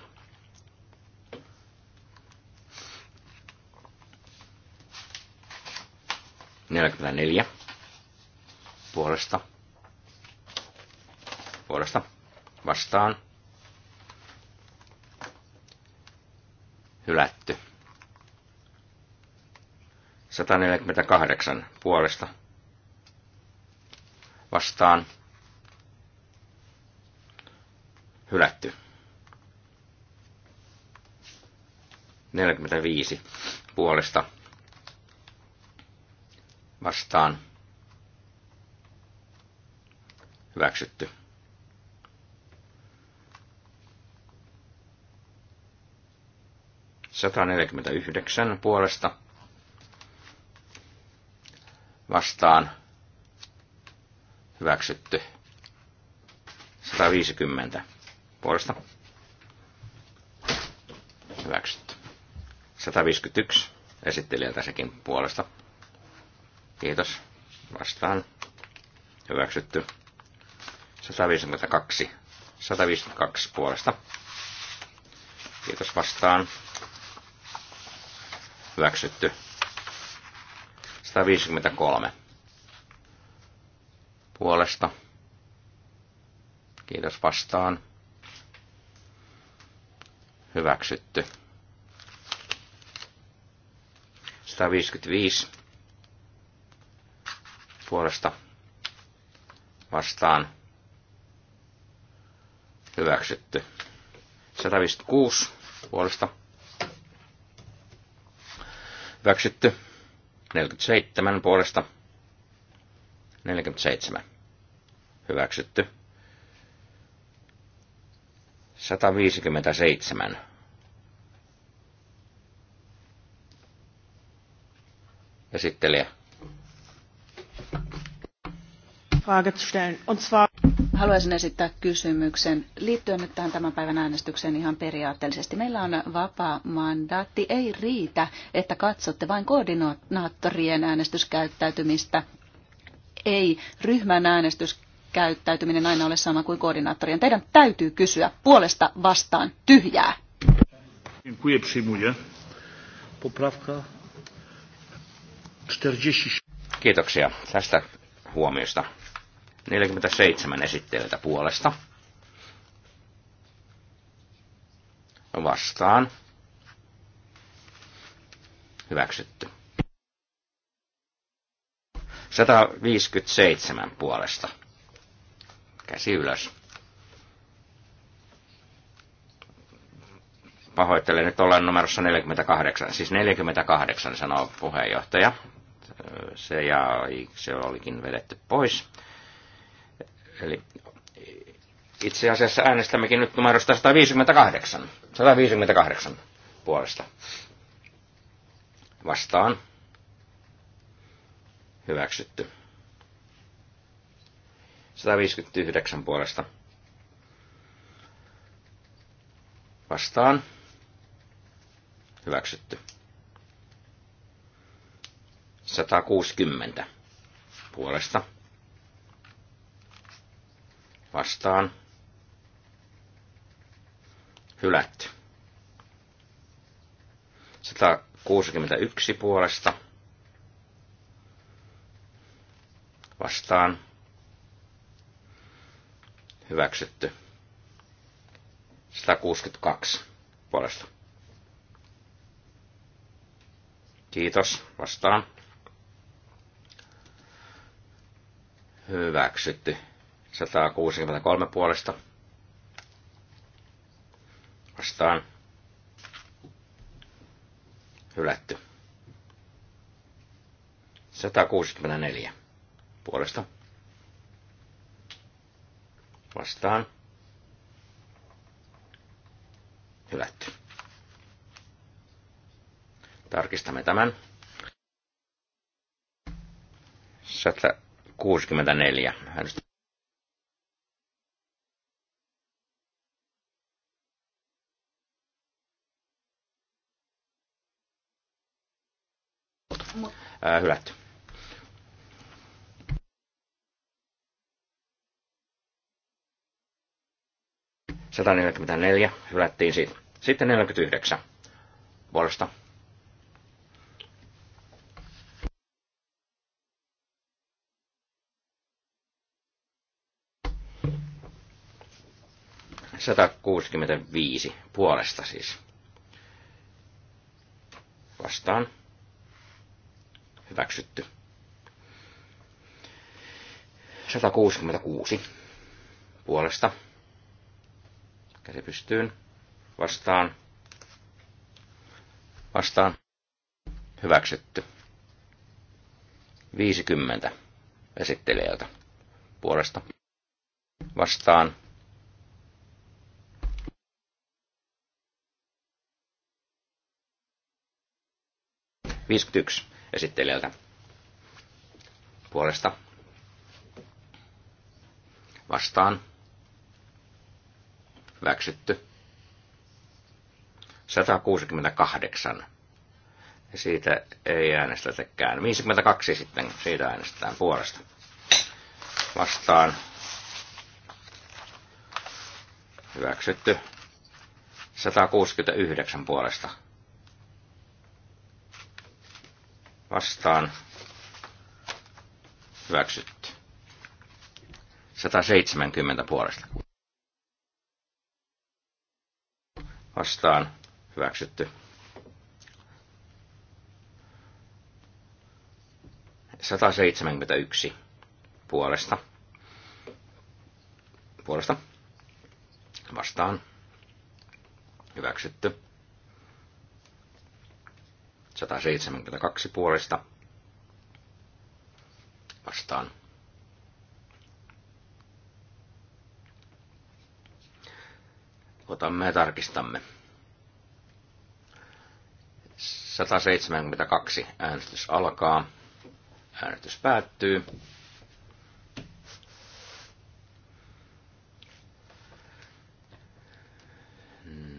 Neljäkymmentäneljä puolesta. Puolesta vastaan. Hylätty. 148 puolesta vastaan hylätty. 45 puolesta vastaan hyväksytty. Sata yhdeksän puolesta vastaan hyväksytty. 150 puolesta hyväksytty. 151 esittelijältä sekin puolesta. Kiitos. Vastaan. Hyväksytty. 152. 152 puolesta. Kiitos vastaan. Hyväksytty. 153 puolesta. Kiitos vastaan. Hyväksytty. 155 puolesta vastaan hyväksytty. 156 puolesta hyväksytty. 47 puolesta 47 hyväksytty. 157 esittelijä. Haluaisin esittää kysymyksen liittyen nyt tähän tämän päivän äänestykseen ihan periaatteellisesti. Meillä on vapaa mandaatti. Ei riitä, että katsotte vain koordinaattorien äänestyskäyttäytymistä. Ei ryhmän äänestyskäyttäytyminen aina ole sama kuin koordinaattorien. Teidän täytyy kysyä puolesta vastaan tyhjää. Dziękuję, przyjmuję. Poprawka Kiitoksia tästä huomiosta. 47 esittelijältä puolesta. Vastaan. Hyväksytty. 157 puolesta. Käsi ylös. Pahoittelen, nyt ollaan numerossa 48, siis 48 sanoo puheenjohtaja. Se, ja, se olikin vedetty pois. Eli itse asiassa äänestämmekin nyt numerosta 158. 158 puolesta. Vastaan. Hyväksytty. 159 puolesta. Vastaan. Hyväksytty. 160 puolesta. Vastaan. Hylätty. 161 puolesta. Vastaan. Hyväksytty. 162 puolesta. Kiitos. Vastaan. Hyväksytty. 163 puolesta. Vastaan. Hylätty. 164 puolesta. Vastaan. Hylätty. Tarkistamme tämän. 164. Äänestä. Ää, hylätty. Sataneljäkymmentäneljä hylättiin siitä. Sitten 49 puolesta 165 puolesta siis. Vastaan. Hyväksytty. 166 puolesta. Käsi pystyyn. Vastaan. Vastaan. Hyväksytty. 50 esittelijältä puolesta. Vastaan 51 esittelijältä puolesta vastaan Väksytty. 168. ja Siitä ei äänestetäkään. 52 sitten, siitä äänestetään puolesta. Vastaan hyväksytty 169 puolesta vastaan hyväksytty. 170 puolesta. Vastaan hyväksytty. 171 puolesta. Puolesta. Vastaan. Hyväksytty. 172 puolesta vastaan. Otamme ja tarkistamme. 172 äänestys alkaa. Äänestys päättyy.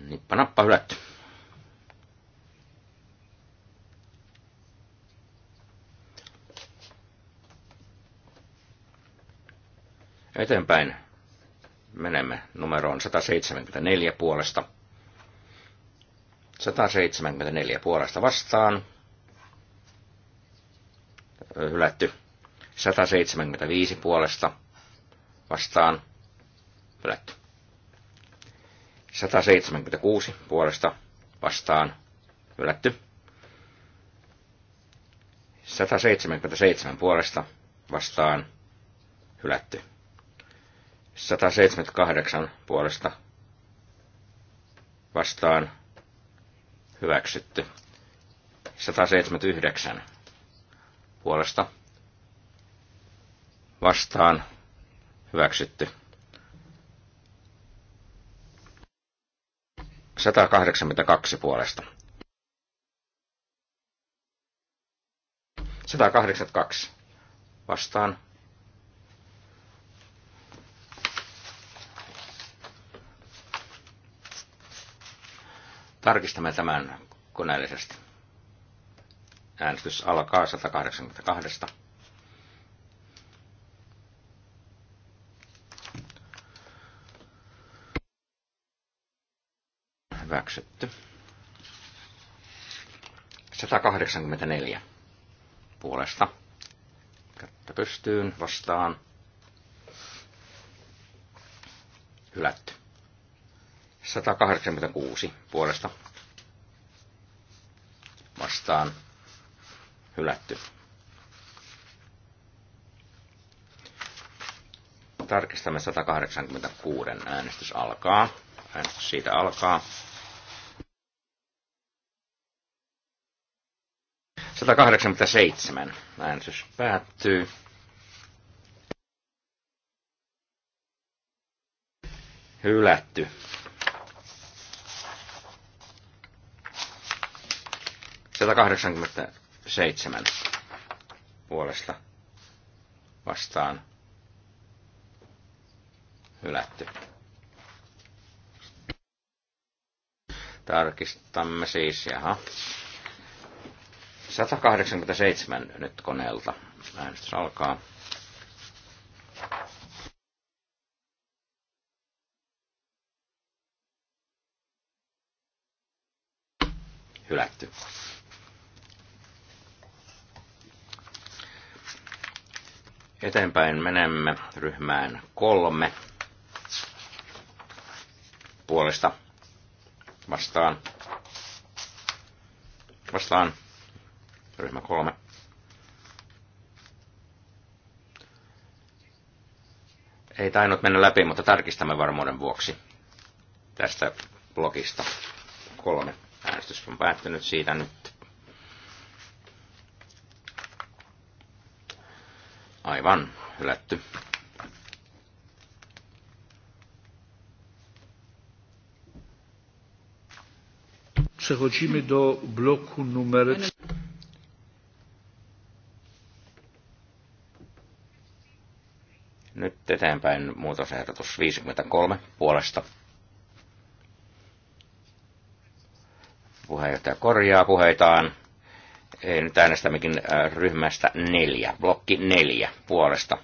Nippa nappa hylätty. Eteenpäin menemme numeroon 174 puolesta. 174 puolesta vastaan. Hylätty. 175 puolesta vastaan. Hylätty. 176 puolesta vastaan. Hylätty. 177 puolesta vastaan. Hylätty. 178 puolesta vastaan hyväksytty. 179 puolesta vastaan hyväksytty. 182 puolesta. 182 vastaan Tarkistamme tämän koneellisesti. Äänestys alkaa 182. Hyväksytty. 184 puolesta. Kättä pystyyn vastaan. Hylätty. 186 puolesta vastaan hylätty. Tarkistamme 186. Äänestys alkaa. Äänestys siitä alkaa. 187. Äänestys päättyy. Hylätty. 187 puolesta vastaan hylätty. Tarkistamme siis, jaha. 187 nyt koneelta. Äänestys alkaa. Hylätty. Eteenpäin menemme ryhmään kolme puolesta vastaan. Vastaan ryhmä kolme. Ei tainnut mennä läpi, mutta tarkistamme varmuuden vuoksi tästä blogista kolme. Äänestys on päättynyt siitä nyt. Aivan, hylätty. Przechodzimy do bloku numer... Nyt eteenpäin muutosehdotus 53 puolesta. Puheenjohtaja korjaa puheitaan. Ei nyt äänestämmekin äh, ryhmästä neljä, blokki neljä puolesta.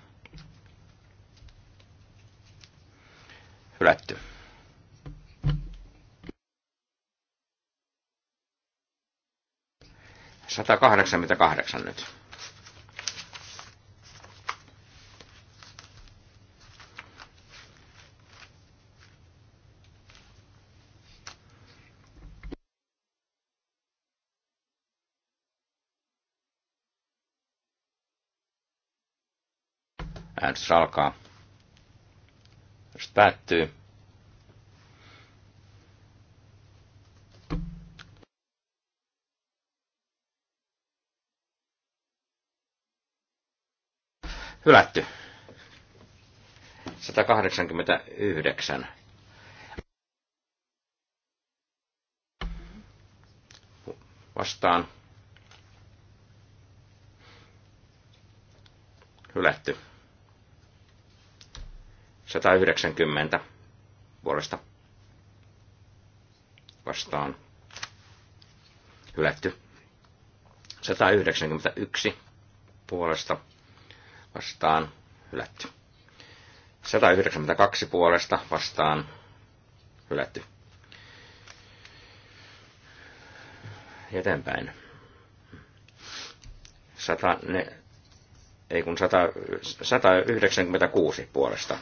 Hylätty. Satakahdeksankymmentäkahdeksan nyt. Äänestys alkaa. Äänestys päättyy. Hylätty. 189. Vastaan. Hylätty. 190 vuodesta vastaan hylätty. 191 puolesta vastaan hylätty. 192 puolesta vastaan hylätty. Eteenpäin. 100, ne, ei kun 100, 196 puolesta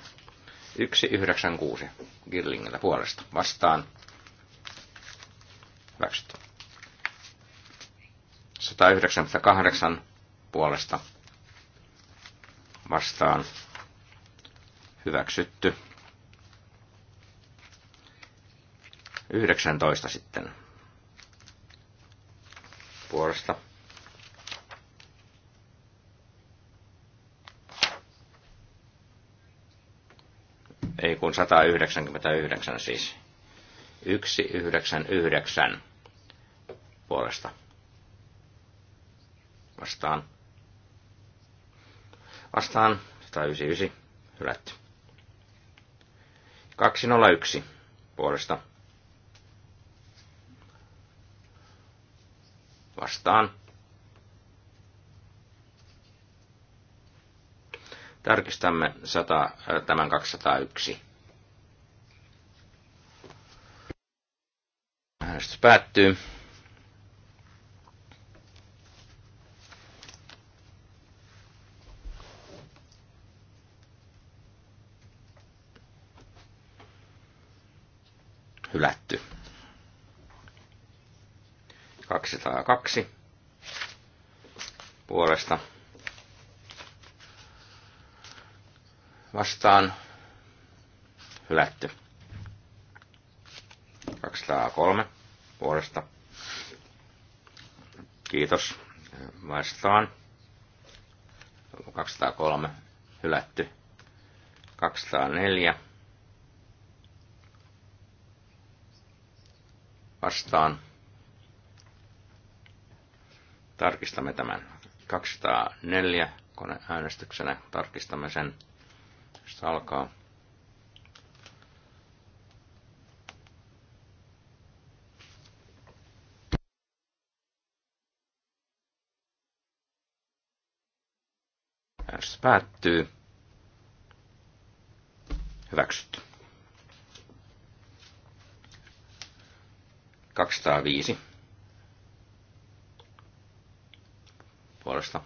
196 Girlingillä puolesta vastaan. Hyväksytty. 198 puolesta vastaan. Hyväksytty. 19 sitten puolesta kun 199 siis. 199 puolesta vastaan. Vastaan 199 hylätty. 201 puolesta vastaan. Tarkistamme 100, tämän 201. Äänestys päättyy. Hylätty. 202 puolesta vastaan hylätty. 203 puolesta. Kiitos. Vastaan. 203 hylätty. 204 vastaan. Tarkistamme tämän 204 koneäänestyksenä. Tarkistamme sen, jos alkaa. Äänestys päättyy. Hyväksytty. 205. Puolesta.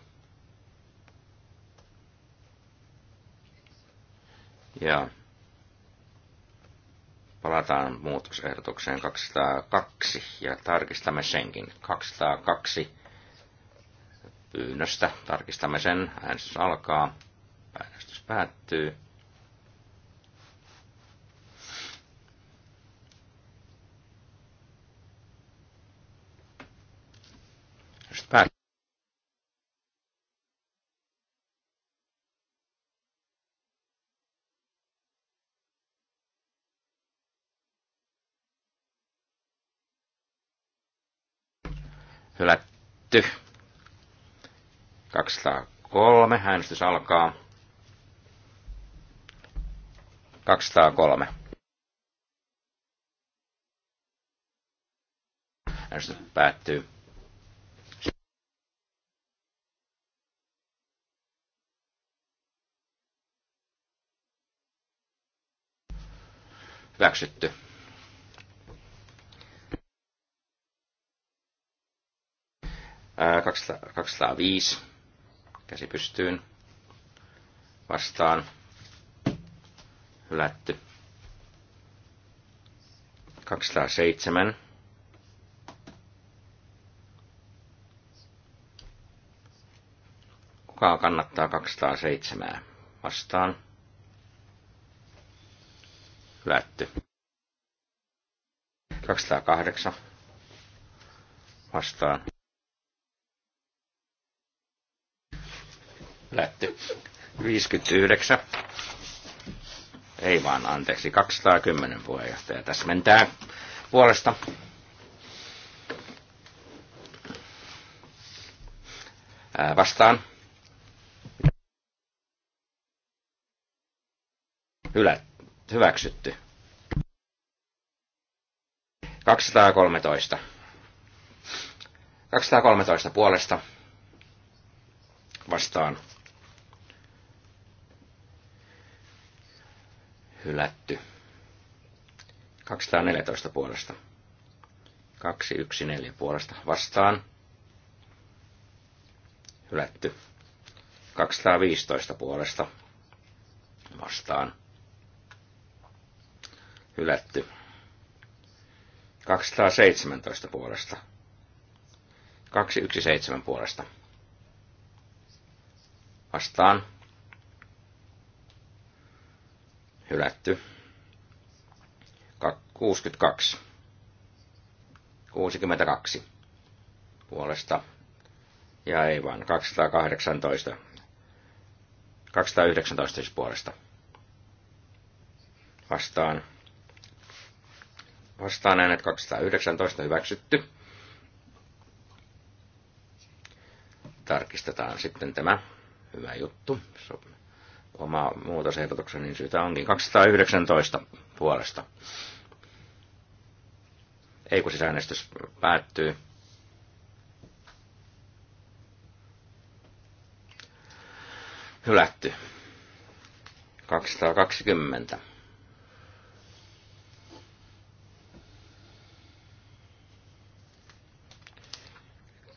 Ja palataan muutosehdotukseen 202 ja tarkistamme senkin. 202 pyynnöstä. Tarkistamme sen. Äänestys alkaa. Äänestys päättyy. Hylätty. 203. Äänestys alkaa. 203. Äänestys päättyy. Hyväksytty. Ää, 205 käsi pystyyn vastaan hylätty. 207. Kuka kannattaa 207 vastaan? Hylätty. 208 vastaan Lätty. 59. Ei vaan, anteeksi. 210 puheenjohtaja tässä mentää puolesta. Ää, vastaan. Hylät, hyväksytty. 213. 213 puolesta vastaan hylätty. 214 puolesta. 214 puolesta vastaan. Hylätty. 215 puolesta vastaan. Hylätty. 217 puolesta. 217 puolesta. Vastaan. hylätty. 62. 62 puolesta. Ja ei vaan, 218. 219 siis puolesta. Vastaan. Vastaan äänet 219 hyväksytty. Tarkistetaan sitten tämä. Hyvä juttu. Sopii oma muutosehdotukseni niin syytä onkin. 219 puolesta. Ei kun siis äänestys päättyy. Hylätty. 220.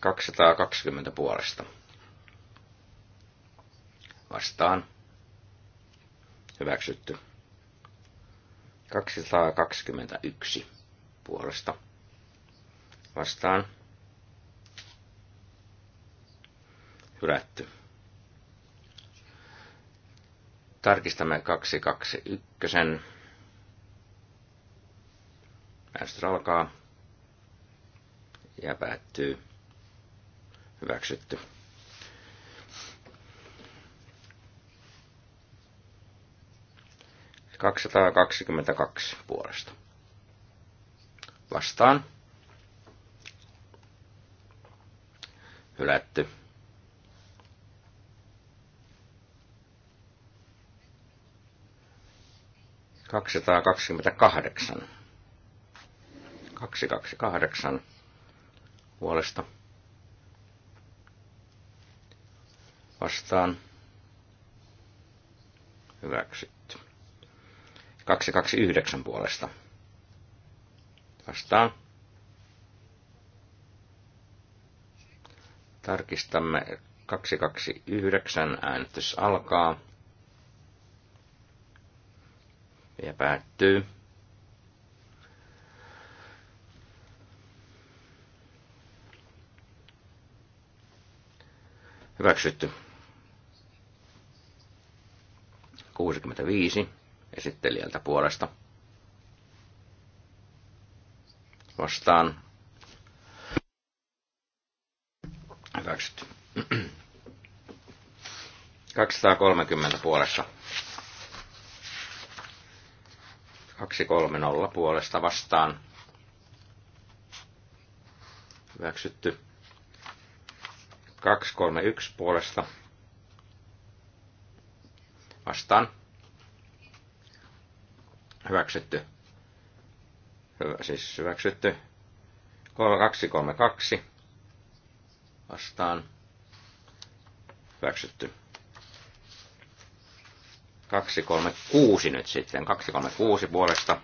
Kaksisataakaksikymmentä puolesta. Vastaan Hyväksytty. 221 puolesta. Vastaan. Hylätty. Tarkistamme 221. Äänestys alkaa ja päättyy. Hyväksytty. 222 puolesta. Vastaan. Hylätty. kahdeksan. Kaksi kaksi kahdeksan puolesta. Vastaan. Hyväksytty. 229 puolesta. Vastaan. Tarkistamme 229 äänestys alkaa. Ja päättyy. Hyväksytty. 65 esittelijältä puolesta. Vastaan. Hyväksytty. 230 puolesta. 230 puolesta vastaan. Hyväksytty. 231 puolesta. Vastaan. Hyväksytty. Hyvä, siis hyväksytty. 232 vastaan. Hyväksytty. 236 nyt sitten. 236 puolesta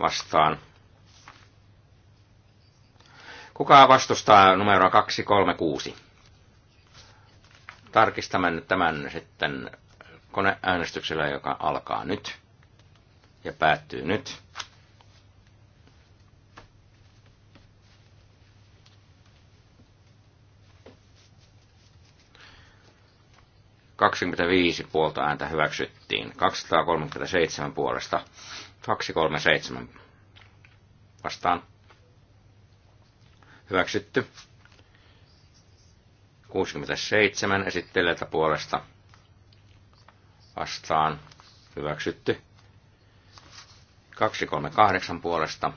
vastaan. Kuka vastustaa numeroa 236? Tarkistamme nyt tämän sitten koneäänestyksellä, joka alkaa nyt ja päättyy nyt. Kaksikymmentäviisi puolta ääntä hyväksyttiin. 237 puolesta. 237 vastaan. Hyväksytty. 67 esittelijältä puolesta vastaan hyväksytty. 238 puolesta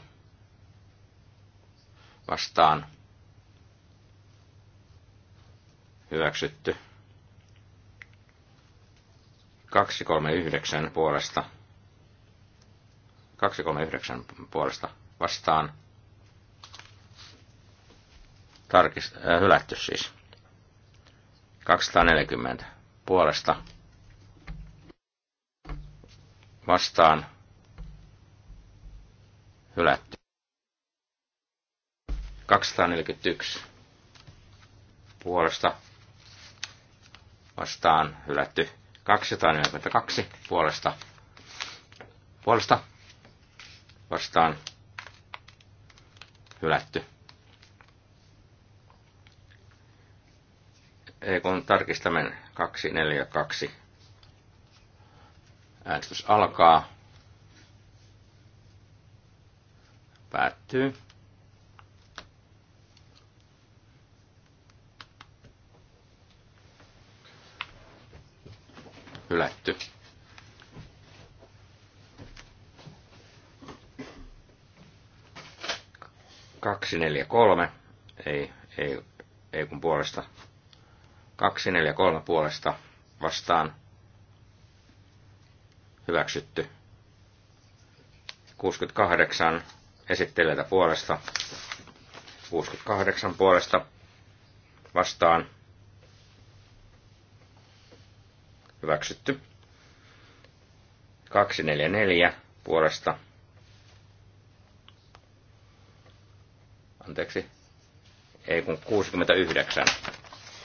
vastaan hyväksytty. 239 puolesta 239 puolesta vastaan tarkist, äh, hylätty siis. 240 puolesta vastaan hylätty. 241 puolesta vastaan hylätty. 242 puolesta puolesta vastaan hylätty. Ei kun tarkistamme 242 Äänestys alkaa. Päättyy. Hylätty. Kaksi, neljä, kolme. Ei, ei, ei kun puolesta. Kaksi, neljä, kolme puolesta vastaan hyväksytty. 68 esittelijältä puolesta. 68 puolesta vastaan hyväksytty. 244 puolesta. Anteeksi. Ei kun 69.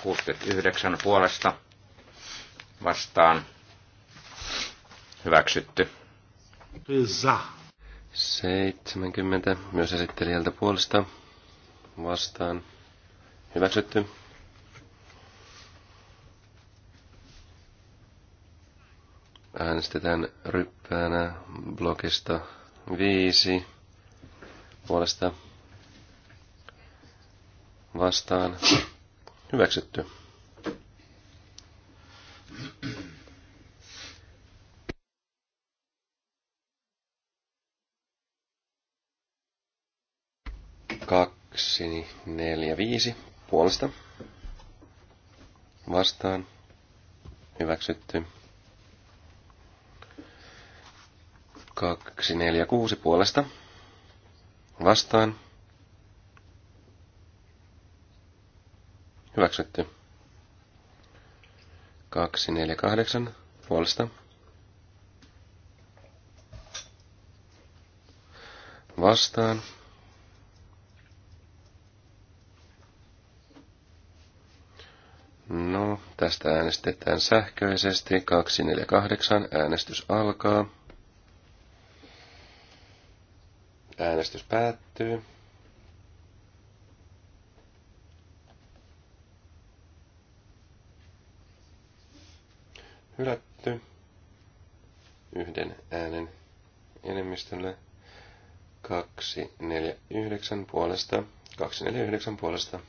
69 puolesta vastaan Hyväksytty. Za. 70. Myös esittelijältä puolesta. Vastaan. Hyväksytty. Äänestetään ryppäänä blokista 5 puolesta vastaan hyväksytty. kaksi, neljä, viisi puolesta. Vastaan. Hyväksytty. Kaksi, neljä, kuusi puolesta. Vastaan. Hyväksytty. Kaksi, 4, 8 puolesta. Vastaan. No, tästä äänestetään sähköisesti. 248 äänestys alkaa. Äänestys päättyy. Hylätty yhden äänen enemmistölle 249 puolesta, 249 puolesta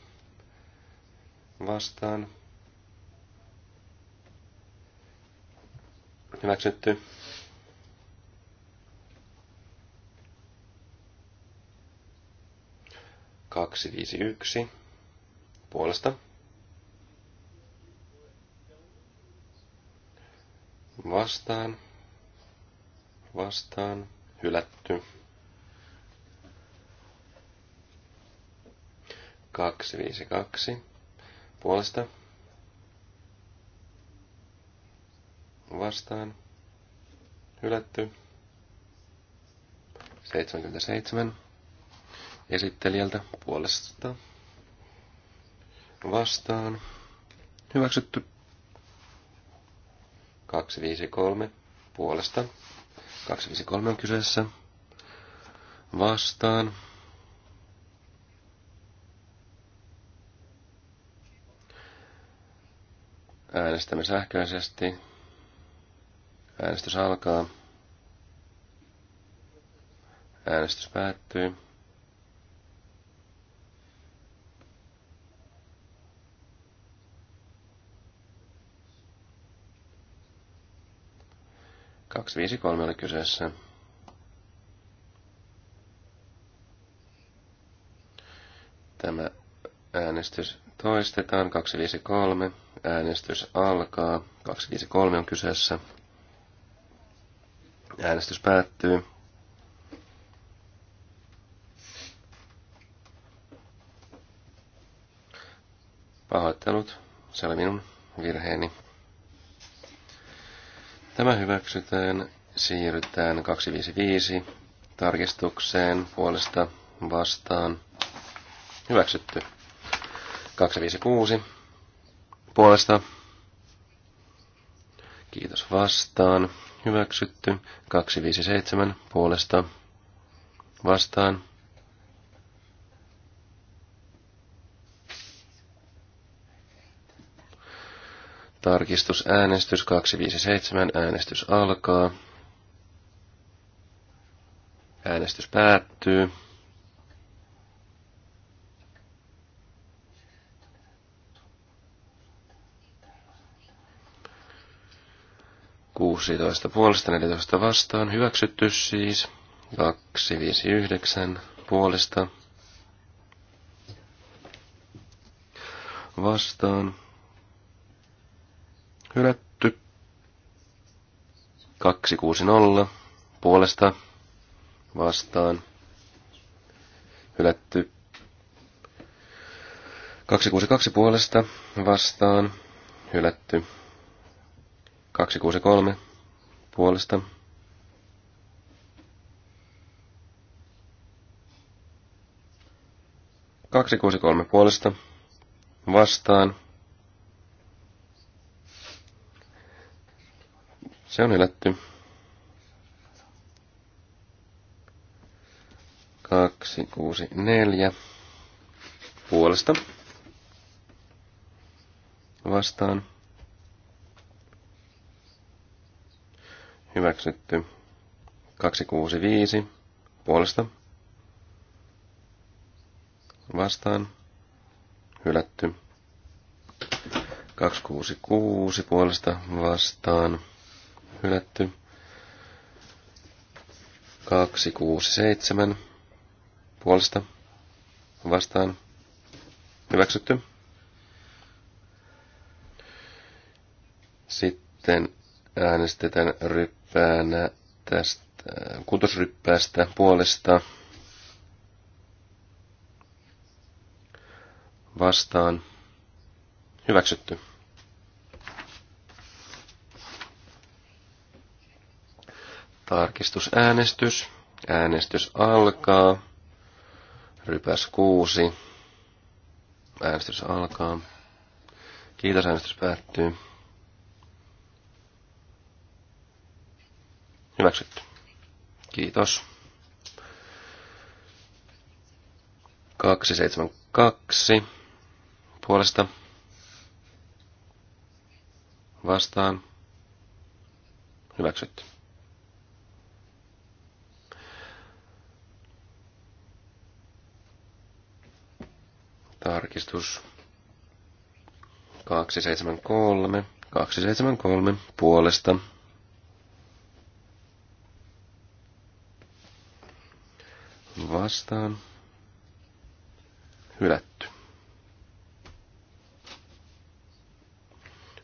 vastaan Hyväksytty. Kaksi, viisi, yksi. Puolesta. Vastaan. Vastaan. Hylätty. Kaksi, viisi, kaksi. Puolesta. vastaan. Hylätty. 77. Esittelijältä puolesta vastaan. Hyväksytty. 253 puolesta. 253 on kyseessä. Vastaan. Äänestämme sähköisesti. Äänestys alkaa. Äänestys päättyy. Kaksi viisi kolme oli kyseessä. Tämä äänestys toistetaan. kaksi viisi kolme. Äänestys alkaa. Kaksi viisi kolme on kyseessä. Äänestys päättyy. Pahoittelut. Se oli minun virheeni. Tämä hyväksytään. Siirrytään 255 tarkistukseen puolesta vastaan. Hyväksytty. 256 puolesta. Kiitos vastaan hyväksytty. 257 puolesta vastaan. Tarkistusäänestys 257. Äänestys alkaa. Äänestys päättyy. 16 puolesta, 14 vastaan, hyväksytty siis. 259 puolesta vastaan, hylätty. 260 puolesta vastaan, hylätty. 262 puolesta vastaan, hylätty. 263 puolesta. Kaksi kuusi kolme puolesta vastaan. Se on hylätty. Kaksi kuusi neljä puolesta vastaan. hyväksytty. 265 puolesta vastaan hylätty. 266 puolesta vastaan hylätty. 267 puolesta vastaan hyväksytty. Sitten Äänestetään ryppäänä tästä kutosryppäästä puolesta vastaan. Hyväksytty. Tarkistusäänestys. Äänestys alkaa. Rypäs 6. Äänestys alkaa. Kiitos, äänestys päättyy. Hyväksytty. Kiitos. 272 puolesta vastaan hyväksytty. Tarkistus 273, 273 puolesta vastaan. Hylätty.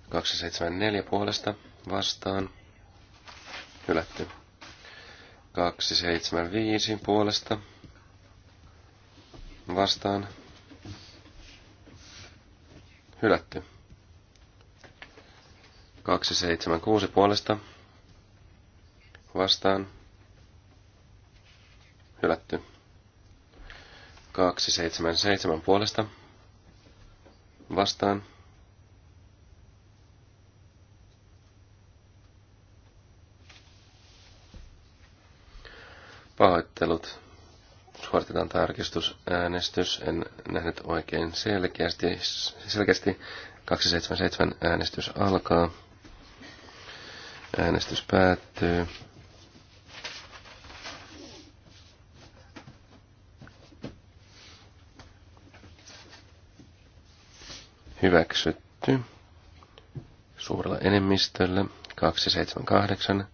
274 puolesta vastaan. Hylätty. 275 puolesta vastaan. Hylätty. 276 puolesta vastaan. Hylätty. 277 puolesta vastaan. Pahoittelut. Suoritetaan tarkistusäänestys. En nähnyt oikein selkeästi. selkeästi. 277 äänestys alkaa. Äänestys päättyy. Hyväksytty. Suurella enemmistöllä. 278.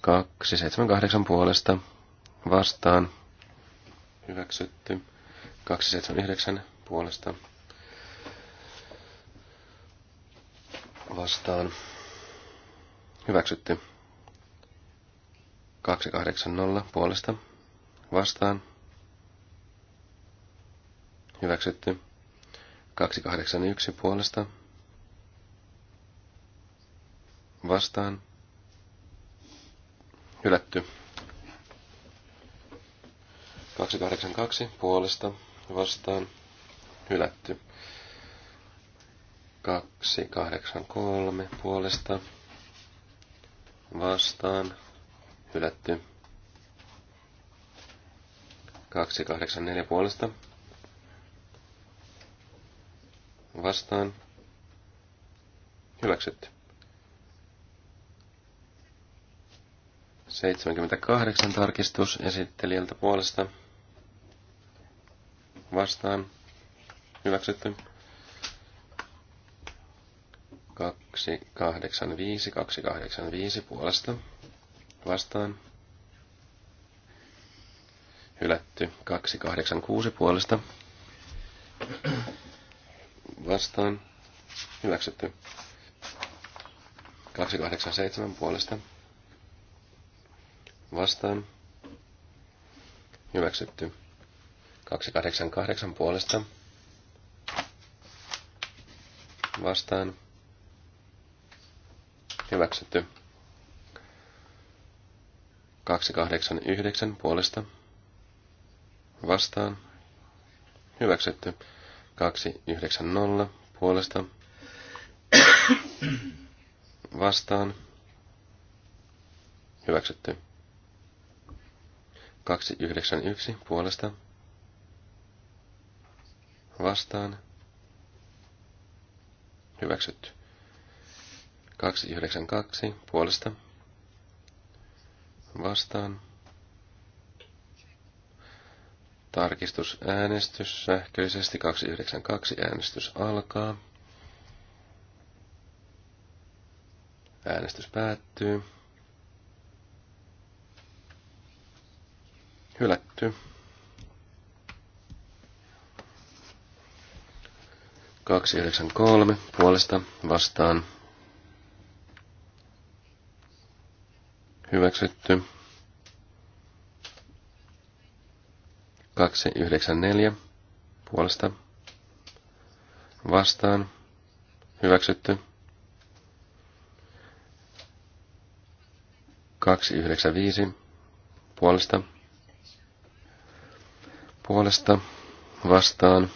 278 puolesta. Vastaan. Hyväksytty. 279 puolesta. Vastaan. Hyväksytty. 280 puolesta. Vastaan. Hyväksytty. 281 puolesta. Vastaan. Hylätty. 282 puolesta. Vastaan. Hylätty. 283 puolesta. Vastaan. Hylätty. 284 puolesta vastaan hyväksytty. 78 tarkistus esittelijältä puolesta vastaan hyväksytty. 285, 285 puolesta vastaan. Hylätty 286 puolesta vastaan. Hyväksytty. 287 puolesta. Vastaan. Hyväksytty. 288 puolesta. Vastaan. Hyväksytty. 289 puolesta. Vastaan. Hyväksytty. 290 puolesta vastaan hyväksytty. 291 puolesta vastaan hyväksytty. 292 puolesta vastaan Tarkistusäänestys sähköisesti 292 äänestys alkaa. Äänestys päättyy. Hylätty. 293 puolesta vastaan. Hyväksytty. 294 puolesta vastaan hyväksytty 295 puolesta puolesta vastaan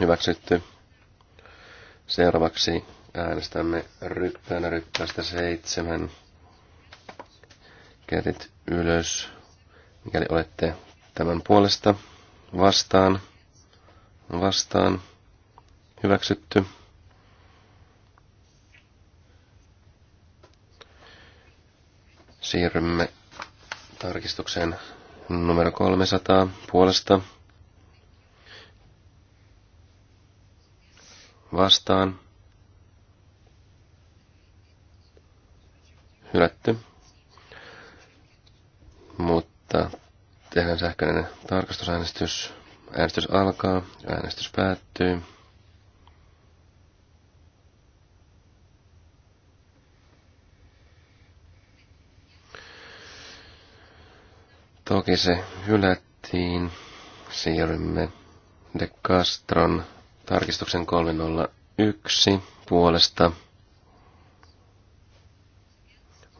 hyväksytty. Seuraavaksi äänestämme ryppäänä ryppäästä seitsemän. kädet ylös Mikäli olette tämän puolesta vastaan, vastaan, hyväksytty. Siirrymme tarkistukseen numero 300 puolesta vastaan. Hylätty. Mut tota, Tehdään sähköinen tarkastusäänestys. Äänestys alkaa, äänestys päättyy. Toki se hylättiin. Siirrymme De Castron tarkistuksen 301 puolesta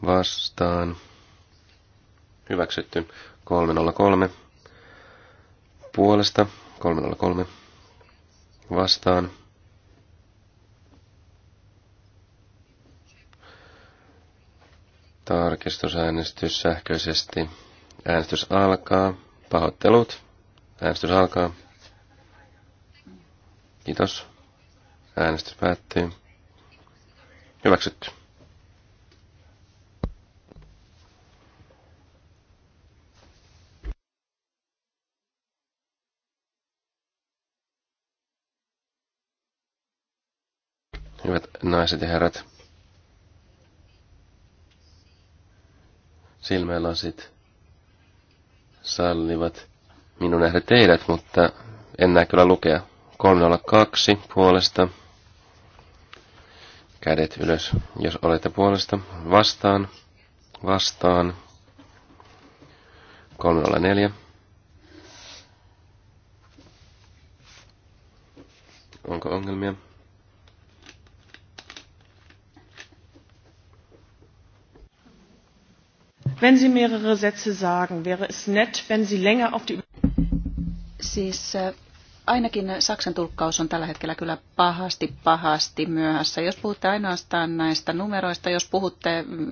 vastaan hyväksytty. 303 puolesta, 303 vastaan. Tarkistusäänestys sähköisesti. Äänestys alkaa. Pahoittelut. Äänestys alkaa. Kiitos. Äänestys päättyy. Hyväksytty. Hyvät naiset ja herrat, silmälasit sallivat minun nähdä teidät, mutta en näe kyllä lukea. 302 puolesta. Kädet ylös, jos olette puolesta. Vastaan. Vastaan. 304. Onko ongelmia? Wenn Sie mehrere Sätze sagen, wäre es nett, wenn Sie länger auf die... Siis äh, ainakin Saksan tulkkaus on tällä hetkellä kyllä pahasti, pahasti myöhässä. Jos puhutte ainoastaan näistä numeroista, jos puhutte mm,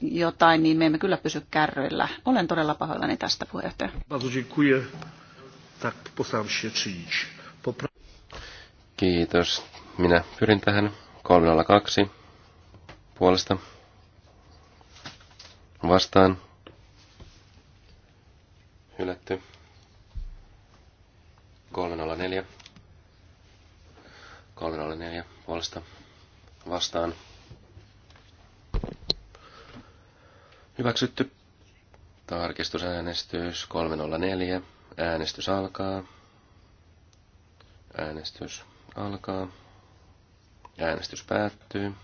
jotain, niin me emme kyllä pysy kärryillä. Olen todella pahoillani tästä puheenjohtaja. Kiitos. Minä pyrin tähän 302 puolesta vastaan hylätty. 304. 304 puolesta vastaan. Hyväksytty. Tarkistusäänestys 304. Äänestys alkaa. Äänestys alkaa. Äänestys päättyy.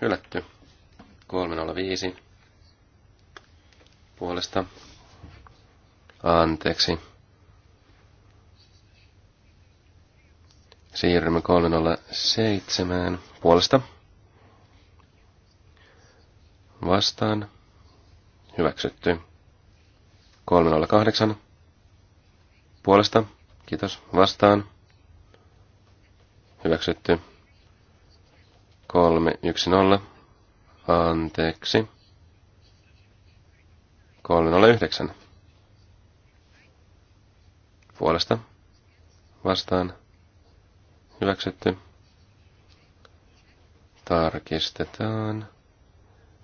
Hylätty. 305 puolesta. Anteeksi. Siirrymme 307 puolesta. Vastaan. Hyväksytty. 308 puolesta. Kiitos. Vastaan. Hyväksytty. Kolme, yksi, nolla. Anteeksi. Kolme, nolla, yhdeksän. Puolesta. Vastaan. Hyväksytty. Tarkistetaan.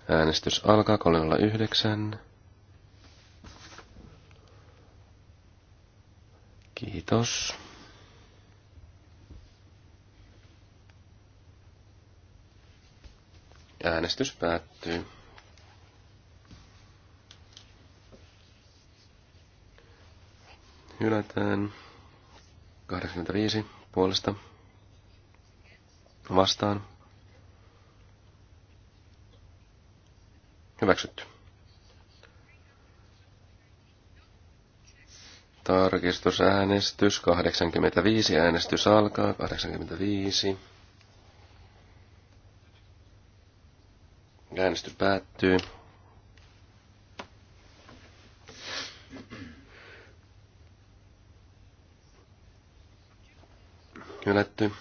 Äänestys alkaa 309. Kiitos. Äänestys päättyy. Hylätään 85 puolesta vastaan. Hyväksytty. Tarkistusäänestys 85. Äänestys alkaa 85. Äänestys päättyy. Hylätty.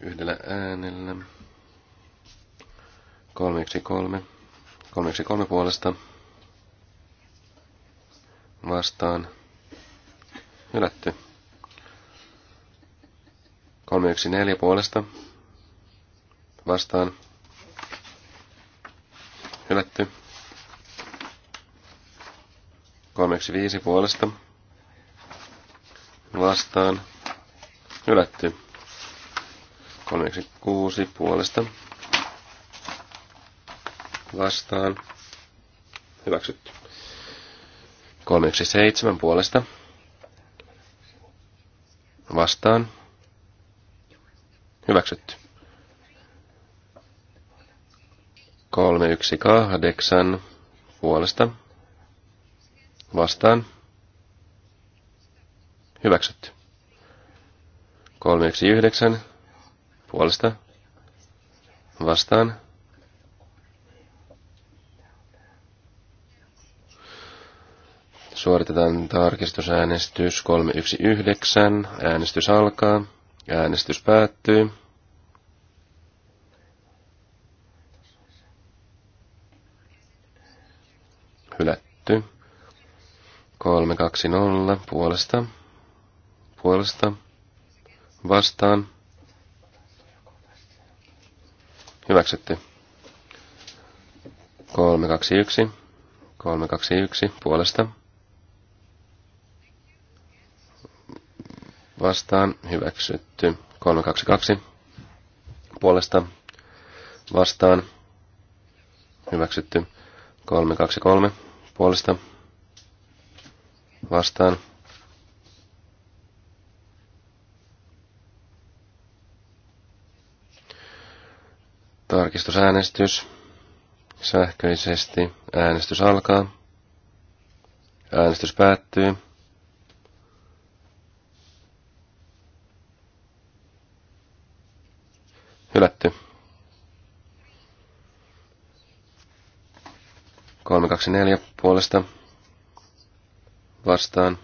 Yhdellä äänellä. kolmeksi kolme puolesta. Vastaan. Hylätty. neljä puolesta vastaan hylätty. viisi puolesta vastaan hylätty. kuusi puolesta vastaan hyväksytty. seitsemän puolesta vastaan hyväksytty. 318 puolesta vastaan hyväksytty. 319 puolesta vastaan Suoritetaan tarkistusäänestys 319. Äänestys alkaa. Äänestys päättyy. Hylätty. 320 puolesta. Puolesta. Vastaan. Hyväksytty. 321. 321 puolesta. Vastaan. Hyväksytty. 322 puolesta. Vastaan. Hyväksytty. 323 puolesta vastaan. Tarkistusäänestys. Sähköisesti äänestys alkaa. Äänestys päättyy. Hylätty. 324 puolesta vastaan.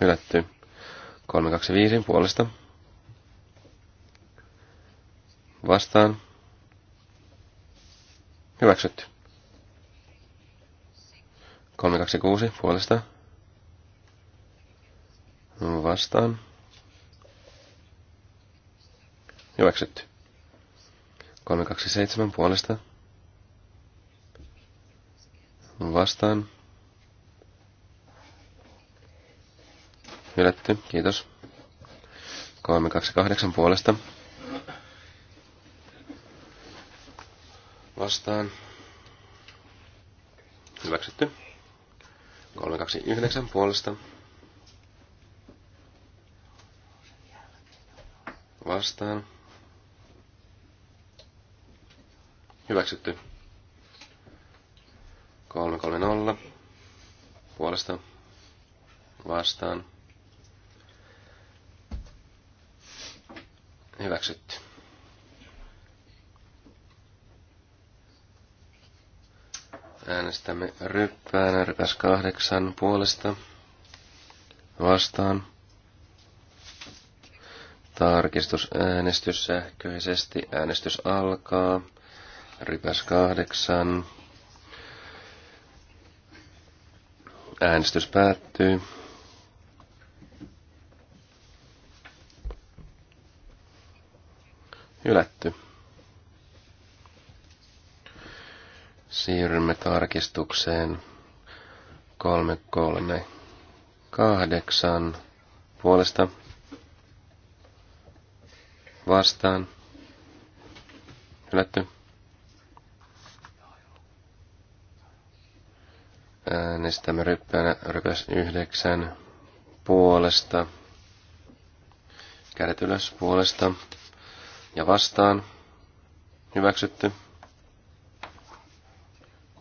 Hylätty. 325 puolesta vastaan. Hyväksytty. 326 puolesta vastaan. Hyväksytty. 327 puolesta. Vastaan. Hylätty, kiitos. 328 puolesta. Vastaan. Hyväksytty. 329 puolesta. Vastaan. Hyväksytty. 330 puolesta vastaan. Hyväksytty. Äänestämme ryppään, rypäs kahdeksan puolesta vastaan. Tarkistusäänestys sähköisesti. Äänestys alkaa. Rypäs kahdeksan. Äänestys päättyy. Hylätty. Siirrymme tarkistukseen 338 puolesta vastaan. Hylätty. Äänestämme ryppäänä rypäs yhdeksän puolesta. Kädet ylös puolesta. Ja vastaan. Hyväksytty.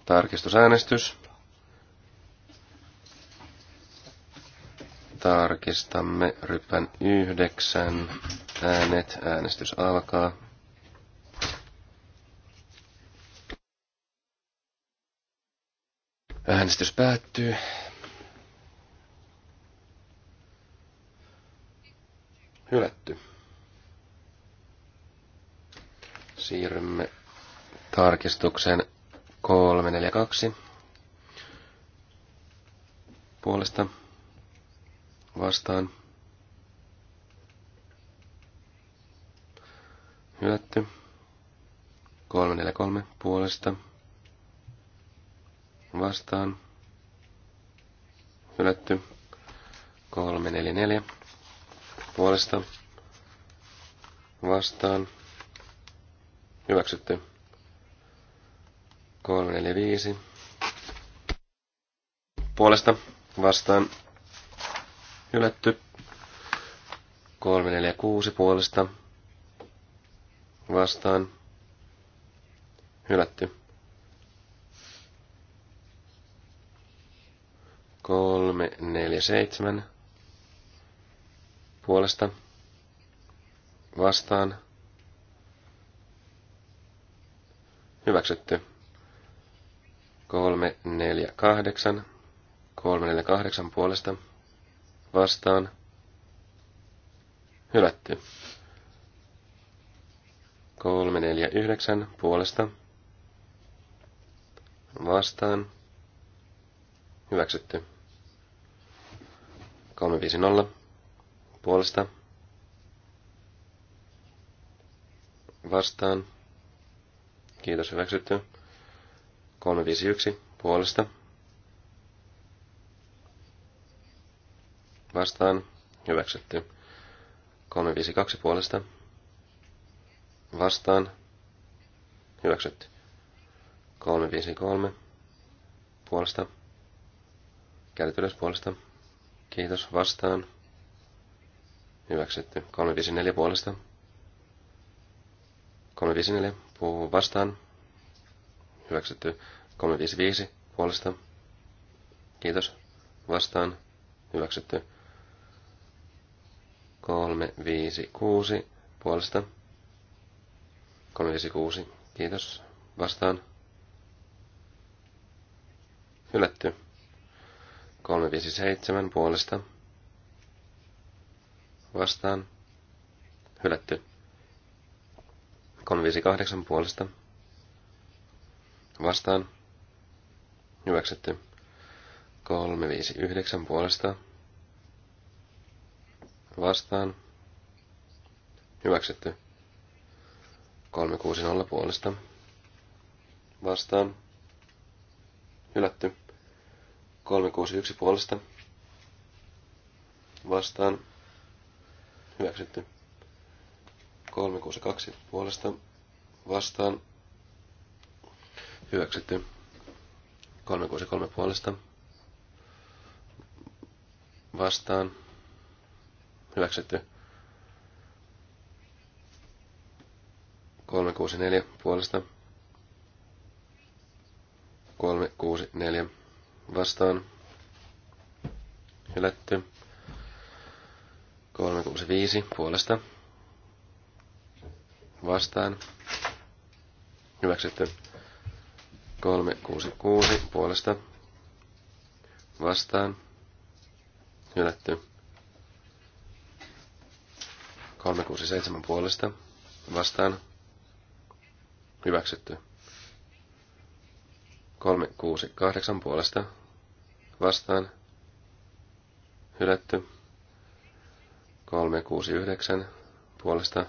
Tarkistusäänestys. Tarkistamme rypän yhdeksän. Äänet. Äänestys alkaa. Äänestys päättyy. Hylätty. Siirrymme tarkistukseen 342 puolesta vastaan. Hylätty. 343 puolesta vastaan. Hylätty. 344 puolesta vastaan. Hyväksytty. 345 puolesta vastaan. Hylätty. 346 puolesta vastaan. Hylätty. Kolme, neljä, seitsemän. Puolesta. Vastaan. Hyväksytty. Kolme, neljä, kahdeksan. Kolme, neljä, kahdeksan puolesta. Vastaan. Hylätty. Kolme, neljä, yhdeksän puolesta. Vastaan. Hyväksytty. 350 puolesta vastaan. Kiitos, hyväksytty. 351 puolesta. Vastaan, hyväksytty. 352 puolesta. Vastaan, hyväksytty. 353 puolesta. Kädet ylös puolesta. Kiitos vastaan. Hyväksytty. 354 puolesta. 354 puu vastaan. Hyväksytty. 355 puolesta. Kiitos. Vastaan. Hyväksytty. 356 puolesta. 356. Kiitos. Vastaan. Hylätty. 357 puolesta. Vastaan. Hylätty. 358 puolesta. Vastaan. Hyväksytty. 359 puolesta. Vastaan. Hyväksytty. 360 puolesta. Vastaan. Hylätty. 361 puolesta vastaan hyväksytty. 362 puolesta vastaan hyväksytty. 363 puolesta vastaan hyväksytty. 364 puolesta 364 vastaan hylätty. 365 puolesta vastaan hyväksytty. 366 puolesta vastaan hylätty. 367 puolesta vastaan hyväksytty. 368 puolesta vastaan hylätty. 369 puolesta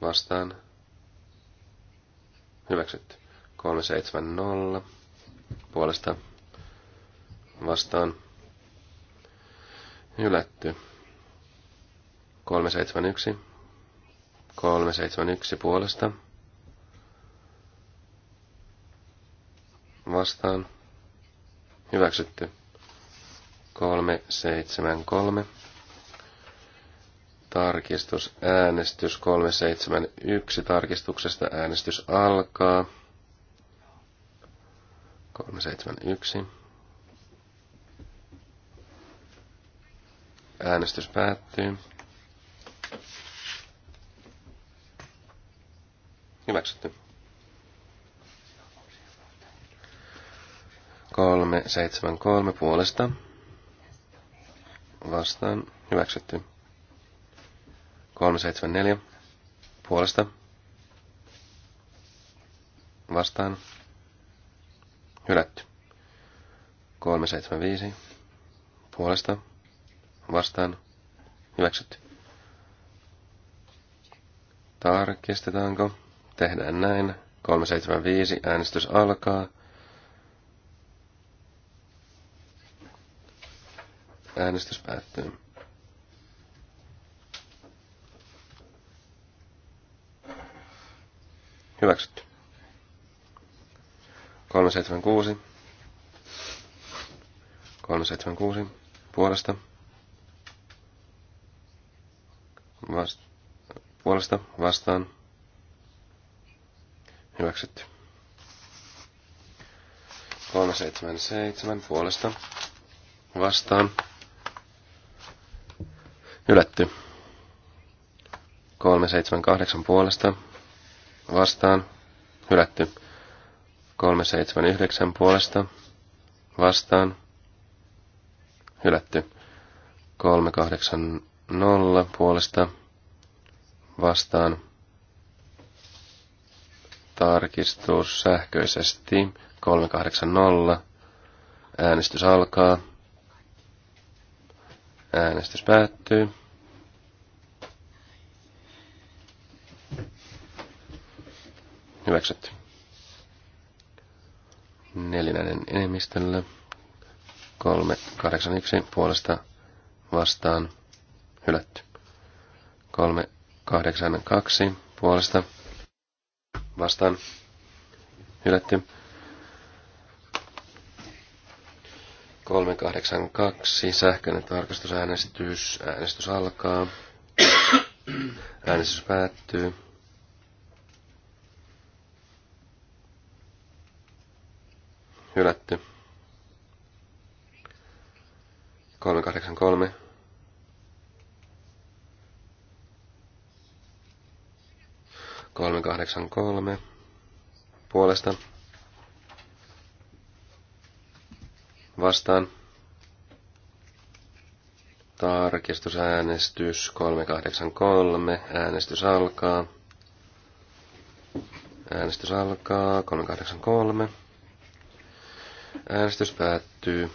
vastaan hyväksytty. 370 puolesta vastaan hylätty. 371 371 puolesta vastaan. Hyväksytty. 373. Tarkistus, äänestys 371. Tarkistuksesta äänestys alkaa. 371. Äänestys päättyy. Hyväksytty. 373 puolesta vastaan hyväksytty. 374 puolesta vastaan hylätty. 375 puolesta vastaan hyväksytty. Tarkistetaanko? Tehdään näin. 375 äänestys alkaa. Äänestys päättyy. Hyväksytty. 376. 376. Puolesta. Vast, puolesta vastaan. Hyväksytty. 377 puolesta vastaan. Hylätty. 378 puolesta. Vastaan. Hylätty. 379 puolesta. Vastaan. Hylätty. 380 puolesta. Vastaan. Tarkistus sähköisesti. 380. Äänestys alkaa. Äänestys päättyy. Hyväksytty. Neljännen enemmistöllä. 381 puolesta vastaan. Hylätty. 382 puolesta vastaan. Hylätty. 382, sähköinen tarkastusäänestys, äänestys alkaa, äänestys päättyy. hylätty. 383. Kolme kahdeksan kolme puolesta vastaan tarkistusäänestys kolme. äänestys alkaa äänestys alkaa Kolme kahdeksan kolme. Äänestys päättyy.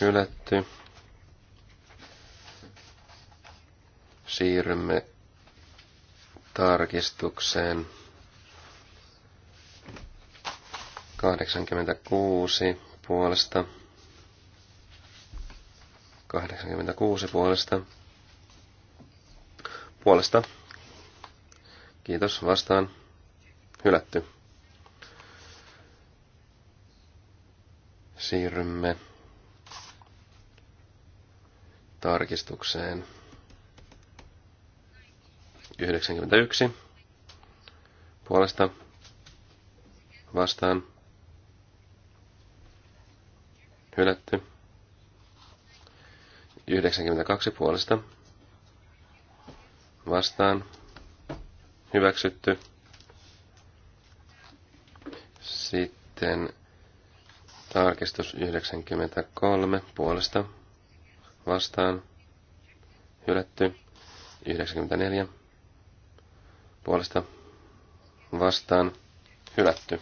Hylätty. Siirrymme tarkistukseen. 86 puolesta. 86 puolesta. Puolesta Kiitos vastaan. Hylätty. Siirrymme tarkistukseen 91 puolesta vastaan hylätty 92 puolesta vastaan hyväksytty. Sitten tarkistus 93 puolesta vastaan hylätty. 94 puolesta vastaan hylätty.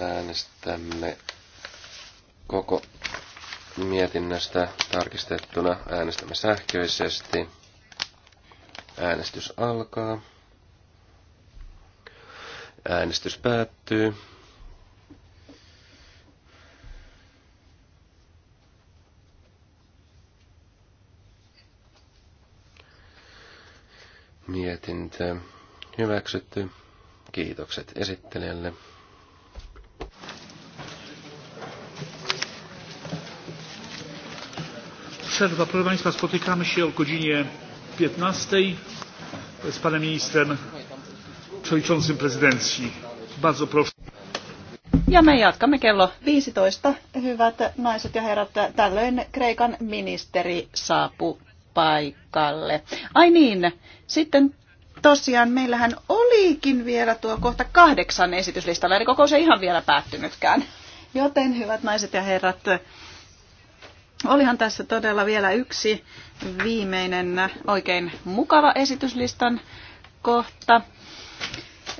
Äänestämme koko mietinnöstä tarkistettuna. Äänestämme sähköisesti. Äänestys alkaa. Äänestys päättyy. Mietintö hyväksytty. Kiitokset esittelijälle. Przerwa, proszę Państwa, spotykamy się o godzinie 15 z panem ministrem przewodniczącym prezydencji. Bardzo proszę. Ja me jatkamme kello 15. Hyvät naiset ja herrat, tällöin Kreikan ministeri saapuu paikalle. Ai niin, sitten tosiaan meillähän olikin vielä tuo kohta kahdeksan esityslistalla, eli kokous ei ihan vielä päättynytkään. Joten hyvät naiset ja herrat, Olihan tässä todella vielä yksi viimeinen oikein mukava esityslistan kohta.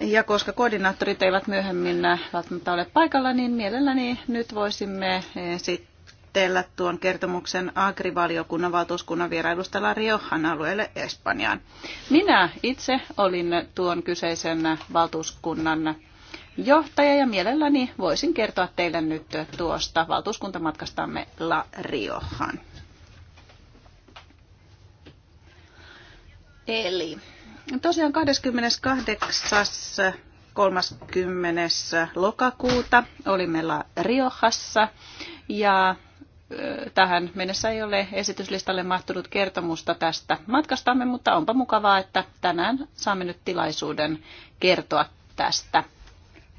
Ja koska koordinaattorit eivät myöhemmin välttämättä ole paikalla, niin mielelläni nyt voisimme esitellä tuon kertomuksen agrivaliokunnan valtuuskunnan vierailusta Riohan alueelle Espanjaan. Minä itse olin tuon kyseisen valtuuskunnan johtaja ja mielelläni voisin kertoa teille nyt tuosta valtuuskuntamatkastamme La Riohan. Eli tosiaan 28.30. lokakuuta olimme La Riohassa ja tähän mennessä ei ole esityslistalle mahtunut kertomusta tästä matkastamme, mutta onpa mukavaa, että tänään saamme nyt tilaisuuden kertoa tästä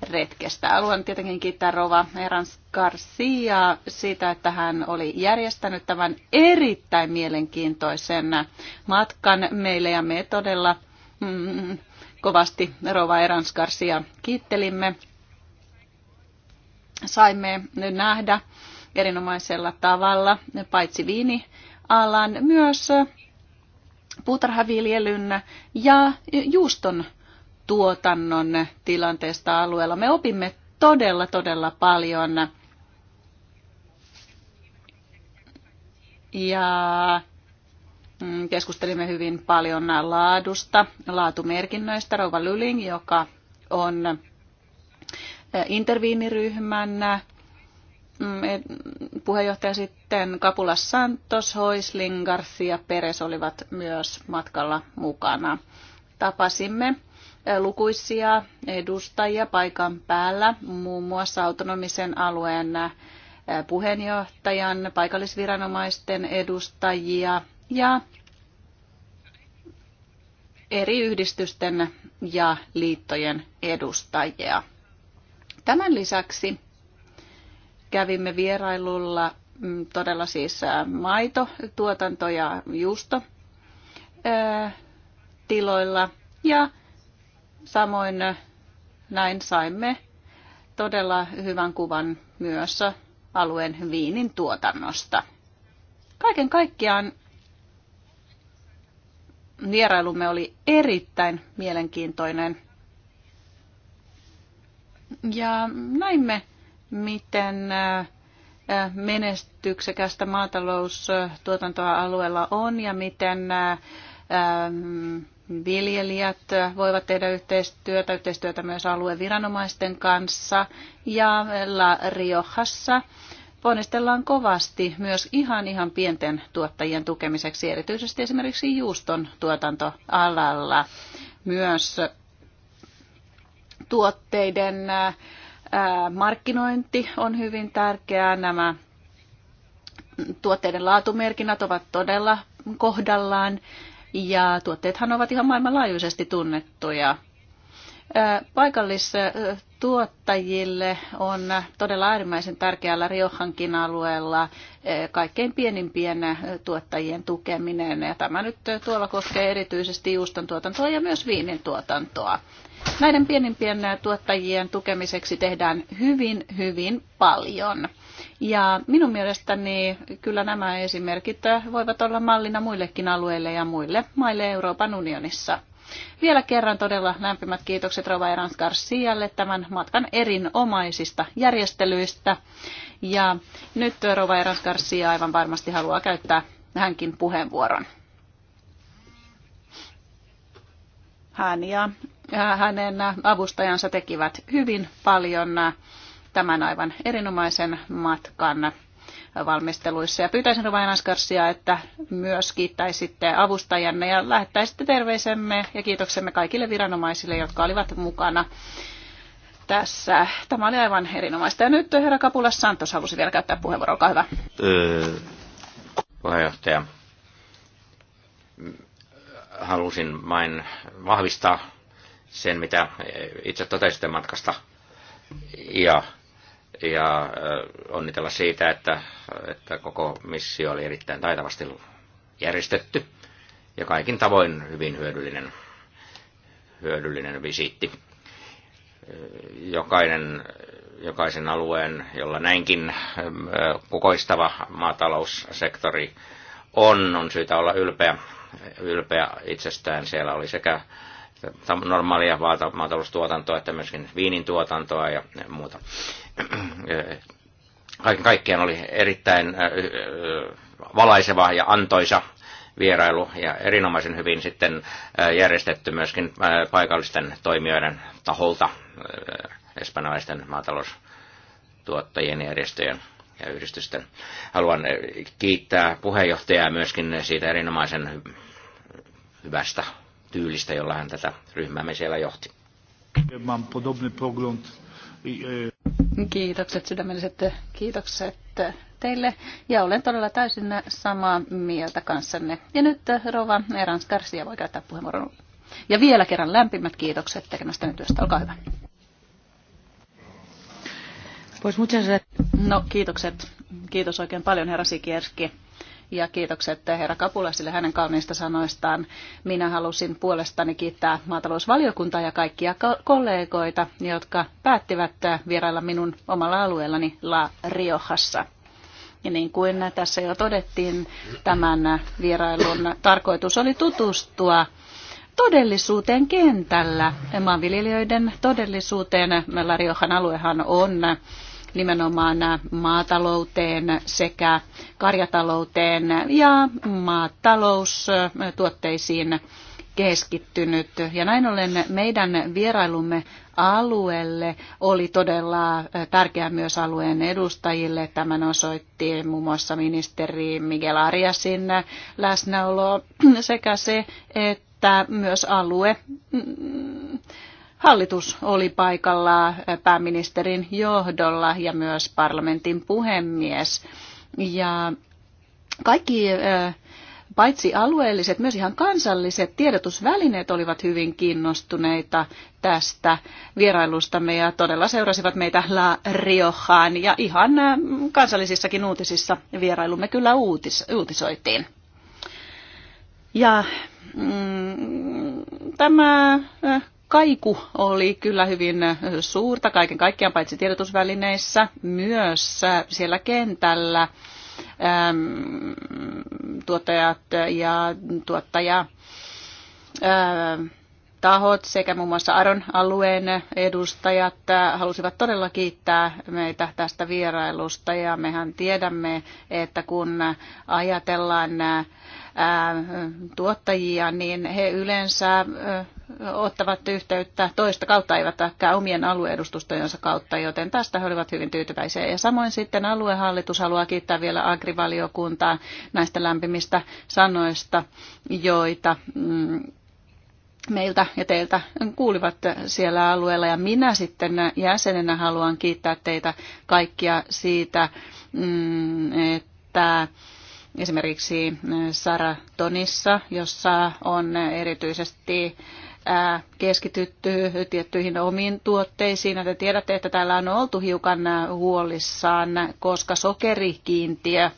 retkestä. Haluan tietenkin kiittää Rova Erans Garcia siitä, että hän oli järjestänyt tämän erittäin mielenkiintoisen matkan meille ja me todella mm, kovasti Rova Erans Garcia kiittelimme. Saimme nähdä erinomaisella tavalla paitsi viinialan myös puutarhaviljelyn ja juuston tuotannon tilanteesta alueella. Me opimme todella, todella paljon. Ja mm, keskustelimme hyvin paljon laadusta, laatumerkinnöistä. Rova Lyling, joka on interviiniryhmän mm, puheenjohtaja sitten Kapula Santos, Hoisling, Garcia Peres olivat myös matkalla mukana. Tapasimme lukuisia edustajia paikan päällä, muun muassa autonomisen alueen puheenjohtajan, paikallisviranomaisten edustajia ja eri yhdistysten ja liittojen edustajia. Tämän lisäksi kävimme vierailulla mm, todella siis maito, tuotanto ja juusto tiloilla ja Samoin äh, näin saimme todella hyvän kuvan myös alueen viinin tuotannosta. Kaiken kaikkiaan vierailumme oli erittäin mielenkiintoinen. Ja näimme, miten äh, menestyksekästä maataloustuotantoa alueella on ja miten äh, ähm, viljelijät voivat tehdä yhteistyötä, yhteistyötä myös alueviranomaisten kanssa. Ja La Riojassa ponnistellaan kovasti myös ihan ihan pienten tuottajien tukemiseksi, erityisesti esimerkiksi juuston tuotantoalalla. Myös tuotteiden markkinointi on hyvin tärkeää. Nämä tuotteiden laatumerkinnät ovat todella kohdallaan ja tuotteethan ovat ihan maailmanlaajuisesti tunnettuja. Paikallistuottajille on todella äärimmäisen tärkeällä Riohankin alueella kaikkein pienimpien tuottajien tukeminen. Ja tämä nyt tuolla koskee erityisesti juuston tuotantoa ja myös viinin tuotantoa. Näiden pienimpien tuottajien tukemiseksi tehdään hyvin, hyvin paljon. Ja minun mielestäni kyllä nämä esimerkit voivat olla mallina muillekin alueille ja muille maille Euroopan unionissa. Vielä kerran todella lämpimät kiitokset Rova Erans Garcialle tämän matkan erinomaisista järjestelyistä. Ja nyt Rova Erans Garcia aivan varmasti haluaa käyttää hänkin puheenvuoron. Hän ja hänen avustajansa tekivät hyvin paljon tämän aivan erinomaisen matkan valmisteluissa. Ja pyytäisin Rovain Askarsia, että myös kiittäisitte avustajanne ja lähettäisitte terveisemme ja kiitoksemme kaikille viranomaisille, jotka olivat mukana tässä. Tämä oli aivan erinomaista. Ja nyt herra Kapula Santos halusi vielä käyttää puheenvuoron. Olkaa hyvä. Öö, puheenjohtaja, halusin vain vahvistaa sen, mitä itse totesitte matkasta. Ja ja onnitella siitä, että, että koko missio oli erittäin taitavasti järjestetty ja kaikin tavoin hyvin hyödyllinen, hyödyllinen visiitti. Jokainen, jokaisen alueen, jolla näinkin kukoistava maataloussektori on, on syytä olla ylpeä, ylpeä itsestään. Siellä oli sekä normaalia maataloustuotantoa, että myöskin viinin tuotantoa ja muuta. Kaiken kaikkiaan oli erittäin valaiseva ja antoisa vierailu ja erinomaisen hyvin sitten järjestetty myöskin paikallisten toimijoiden taholta, espanjalaisten maataloustuottajien järjestöjen ja yhdistysten. Haluan kiittää puheenjohtajaa myöskin siitä erinomaisen hyvästä tyylistä, jolla hän tätä ryhmäämme siellä johti. E, kiitokset, sydämelliset kiitokset teille. Ja olen todella täysin samaa mieltä kanssanne. Ja nyt Rova Erans Garcia voi käyttää puheenvuoron. Ja vielä kerran lämpimät kiitokset tekemästä työstä. Olkaa hyvä. No kiitokset. Kiitos oikein paljon herra Sikierski ja kiitokset herra Kapulaisille hänen kauniista sanoistaan. Minä halusin puolestani kiittää maatalousvaliokuntaa ja kaikkia kollegoita, jotka päättivät vierailla minun omalla alueellani La Riohassa. Ja niin kuin tässä jo todettiin, tämän vierailun tarkoitus oli tutustua todellisuuteen kentällä, maanviljelijöiden todellisuuteen. La Riohan aluehan on nimenomaan maatalouteen sekä karjatalouteen ja maataloustuotteisiin keskittynyt. Ja näin ollen meidän vierailumme alueelle oli todella tärkeää myös alueen edustajille. Tämän osoitti muun muassa ministeri Miguel Ariasin läsnäolo sekä se, että myös alue mm, Hallitus oli paikalla pääministerin johdolla ja myös parlamentin puhemies. Ja kaikki paitsi alueelliset, myös ihan kansalliset tiedotusvälineet olivat hyvin kiinnostuneita tästä vierailustamme ja todella seurasivat meitä La Riojaan ja ihan kansallisissakin uutisissa vierailumme kyllä uutis, uutisoitiin. Ja mm, tämä kaiku oli kyllä hyvin suurta kaiken kaikkiaan, paitsi tiedotusvälineissä, myös siellä kentällä tuottajat ja tuottaja tahot sekä muun muassa Aron alueen edustajat halusivat todella kiittää meitä tästä vierailusta ja mehän tiedämme, että kun ajatellaan tuottajia, niin he yleensä ottavat yhteyttä toista kautta, eivät ehkä omien alueedustustojensa kautta, joten tästä he olivat hyvin tyytyväisiä. Ja samoin sitten aluehallitus haluaa kiittää vielä agrivaliokuntaa näistä lämpimistä sanoista, joita mm, meiltä ja teiltä kuulivat siellä alueella. Ja minä sitten jäsenenä haluan kiittää teitä kaikkia siitä, mm, että esimerkiksi Saratonissa, jossa on erityisesti keskitytty tiettyihin omiin tuotteisiin. Te tiedätte, että täällä on oltu hiukan huolissaan, koska sokerikiintiö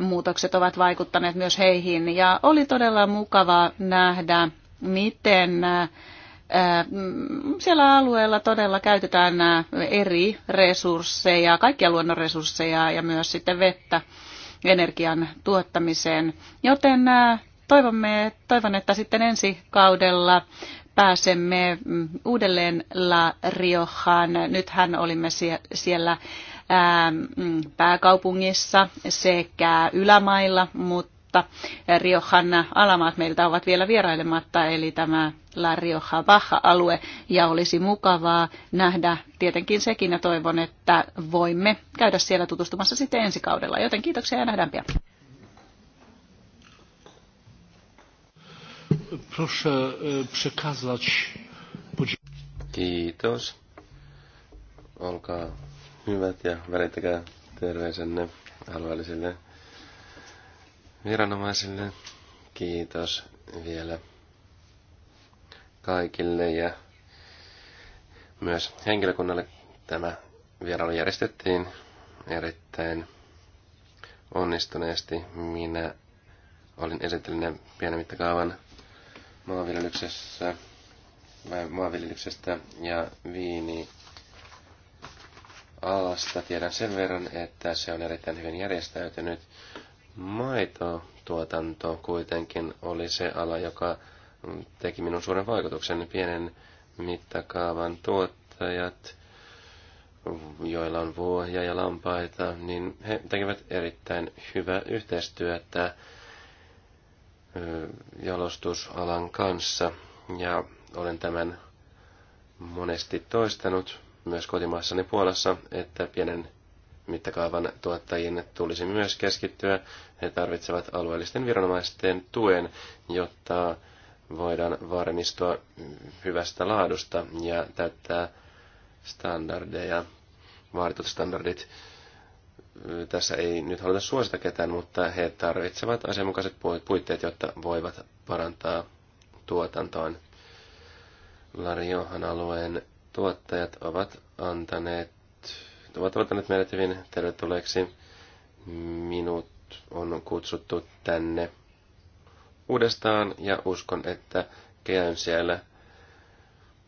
muutokset ovat vaikuttaneet myös heihin. Ja oli todella mukava nähdä, miten mm, siellä alueella todella käytetään eri resursseja, kaikkia luonnonresursseja ja myös sitten vettä energian tuottamiseen. Joten toivomme, toivon, että sitten ensi kaudella pääsemme mm, uudelleen La Riohaan. Nythän olimme siellä mm, pääkaupungissa sekä ylämailla, mutta Riohan alamaat meiltä ovat vielä vierailematta, eli tämä La Rioja Baja-alue, ja olisi mukavaa nähdä tietenkin sekin, ja toivon, että voimme käydä siellä tutustumassa sitten ensi kaudella. Joten kiitoksia ja nähdään pian. proszę e, przekazać Kiitos. Olkaa hyvät ja välittäkää terveisenne alueellisille viranomaisille. Kiitos vielä kaikille ja myös henkilökunnalle tämä vierailu järjestettiin erittäin onnistuneesti. Minä olin esittelinen pienen mittakaavan maanviljelyksessä, maanviljelyksestä ja viini alasta tiedän sen verran, että se on erittäin hyvin järjestäytynyt. Maitotuotanto kuitenkin oli se ala, joka teki minun suuren vaikutuksen. Pienen mittakaavan tuottajat, joilla on vuohia ja lampaita, niin he tekevät erittäin hyvää yhteistyötä jalostusalan kanssa ja olen tämän monesti toistanut myös kotimaassani Puolassa, että pienen mittakaavan tuottajien tulisi myös keskittyä. He tarvitsevat alueellisten viranomaisten tuen, jotta voidaan varmistua hyvästä laadusta ja täyttää standardeja, vaaditut standardit tässä ei nyt haluta suosita ketään, mutta he tarvitsevat asianmukaiset puitteet, jotta voivat parantaa tuotantoon. Larjohan alueen tuottajat ovat antaneet, ovat antaneet meidät hyvin tervetulleeksi. Minut on kutsuttu tänne uudestaan ja uskon, että käyn siellä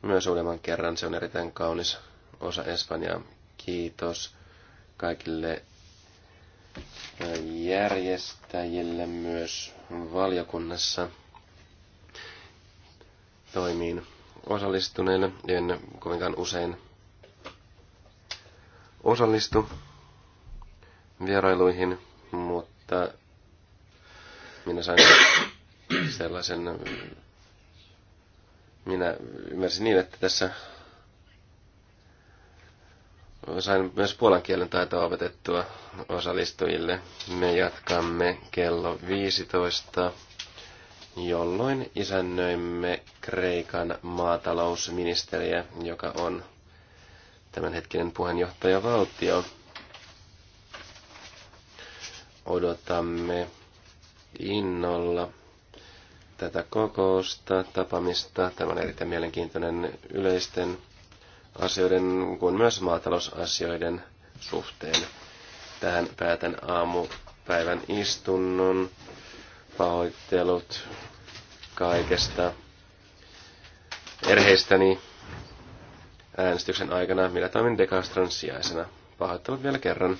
myös uudemman kerran. Se on erittäin kaunis osa Espanjaa. Kiitos kaikille järjestäjille myös valiokunnassa toimiin osallistuneille. En kovinkaan usein osallistu vierailuihin, mutta minä sain sellaisen... Minä ymmärsin niin, että tässä Sain myös puolan kielen taitoa opetettua osallistujille. Me jatkamme kello 15, jolloin isännöimme Kreikan maatalousministeriä, joka on tämänhetkinen Valtio. Odotamme innolla tätä kokousta, tapaamista. Tämä on erittäin mielenkiintoinen yleisten asioiden kuin myös maatalousasioiden suhteen. Tähän päätän aamupäivän istunnon. Pahoittelut kaikesta erheistäni äänestyksen aikana. Minä toimin Dekastron sijaisena. Pahoittelut vielä kerran.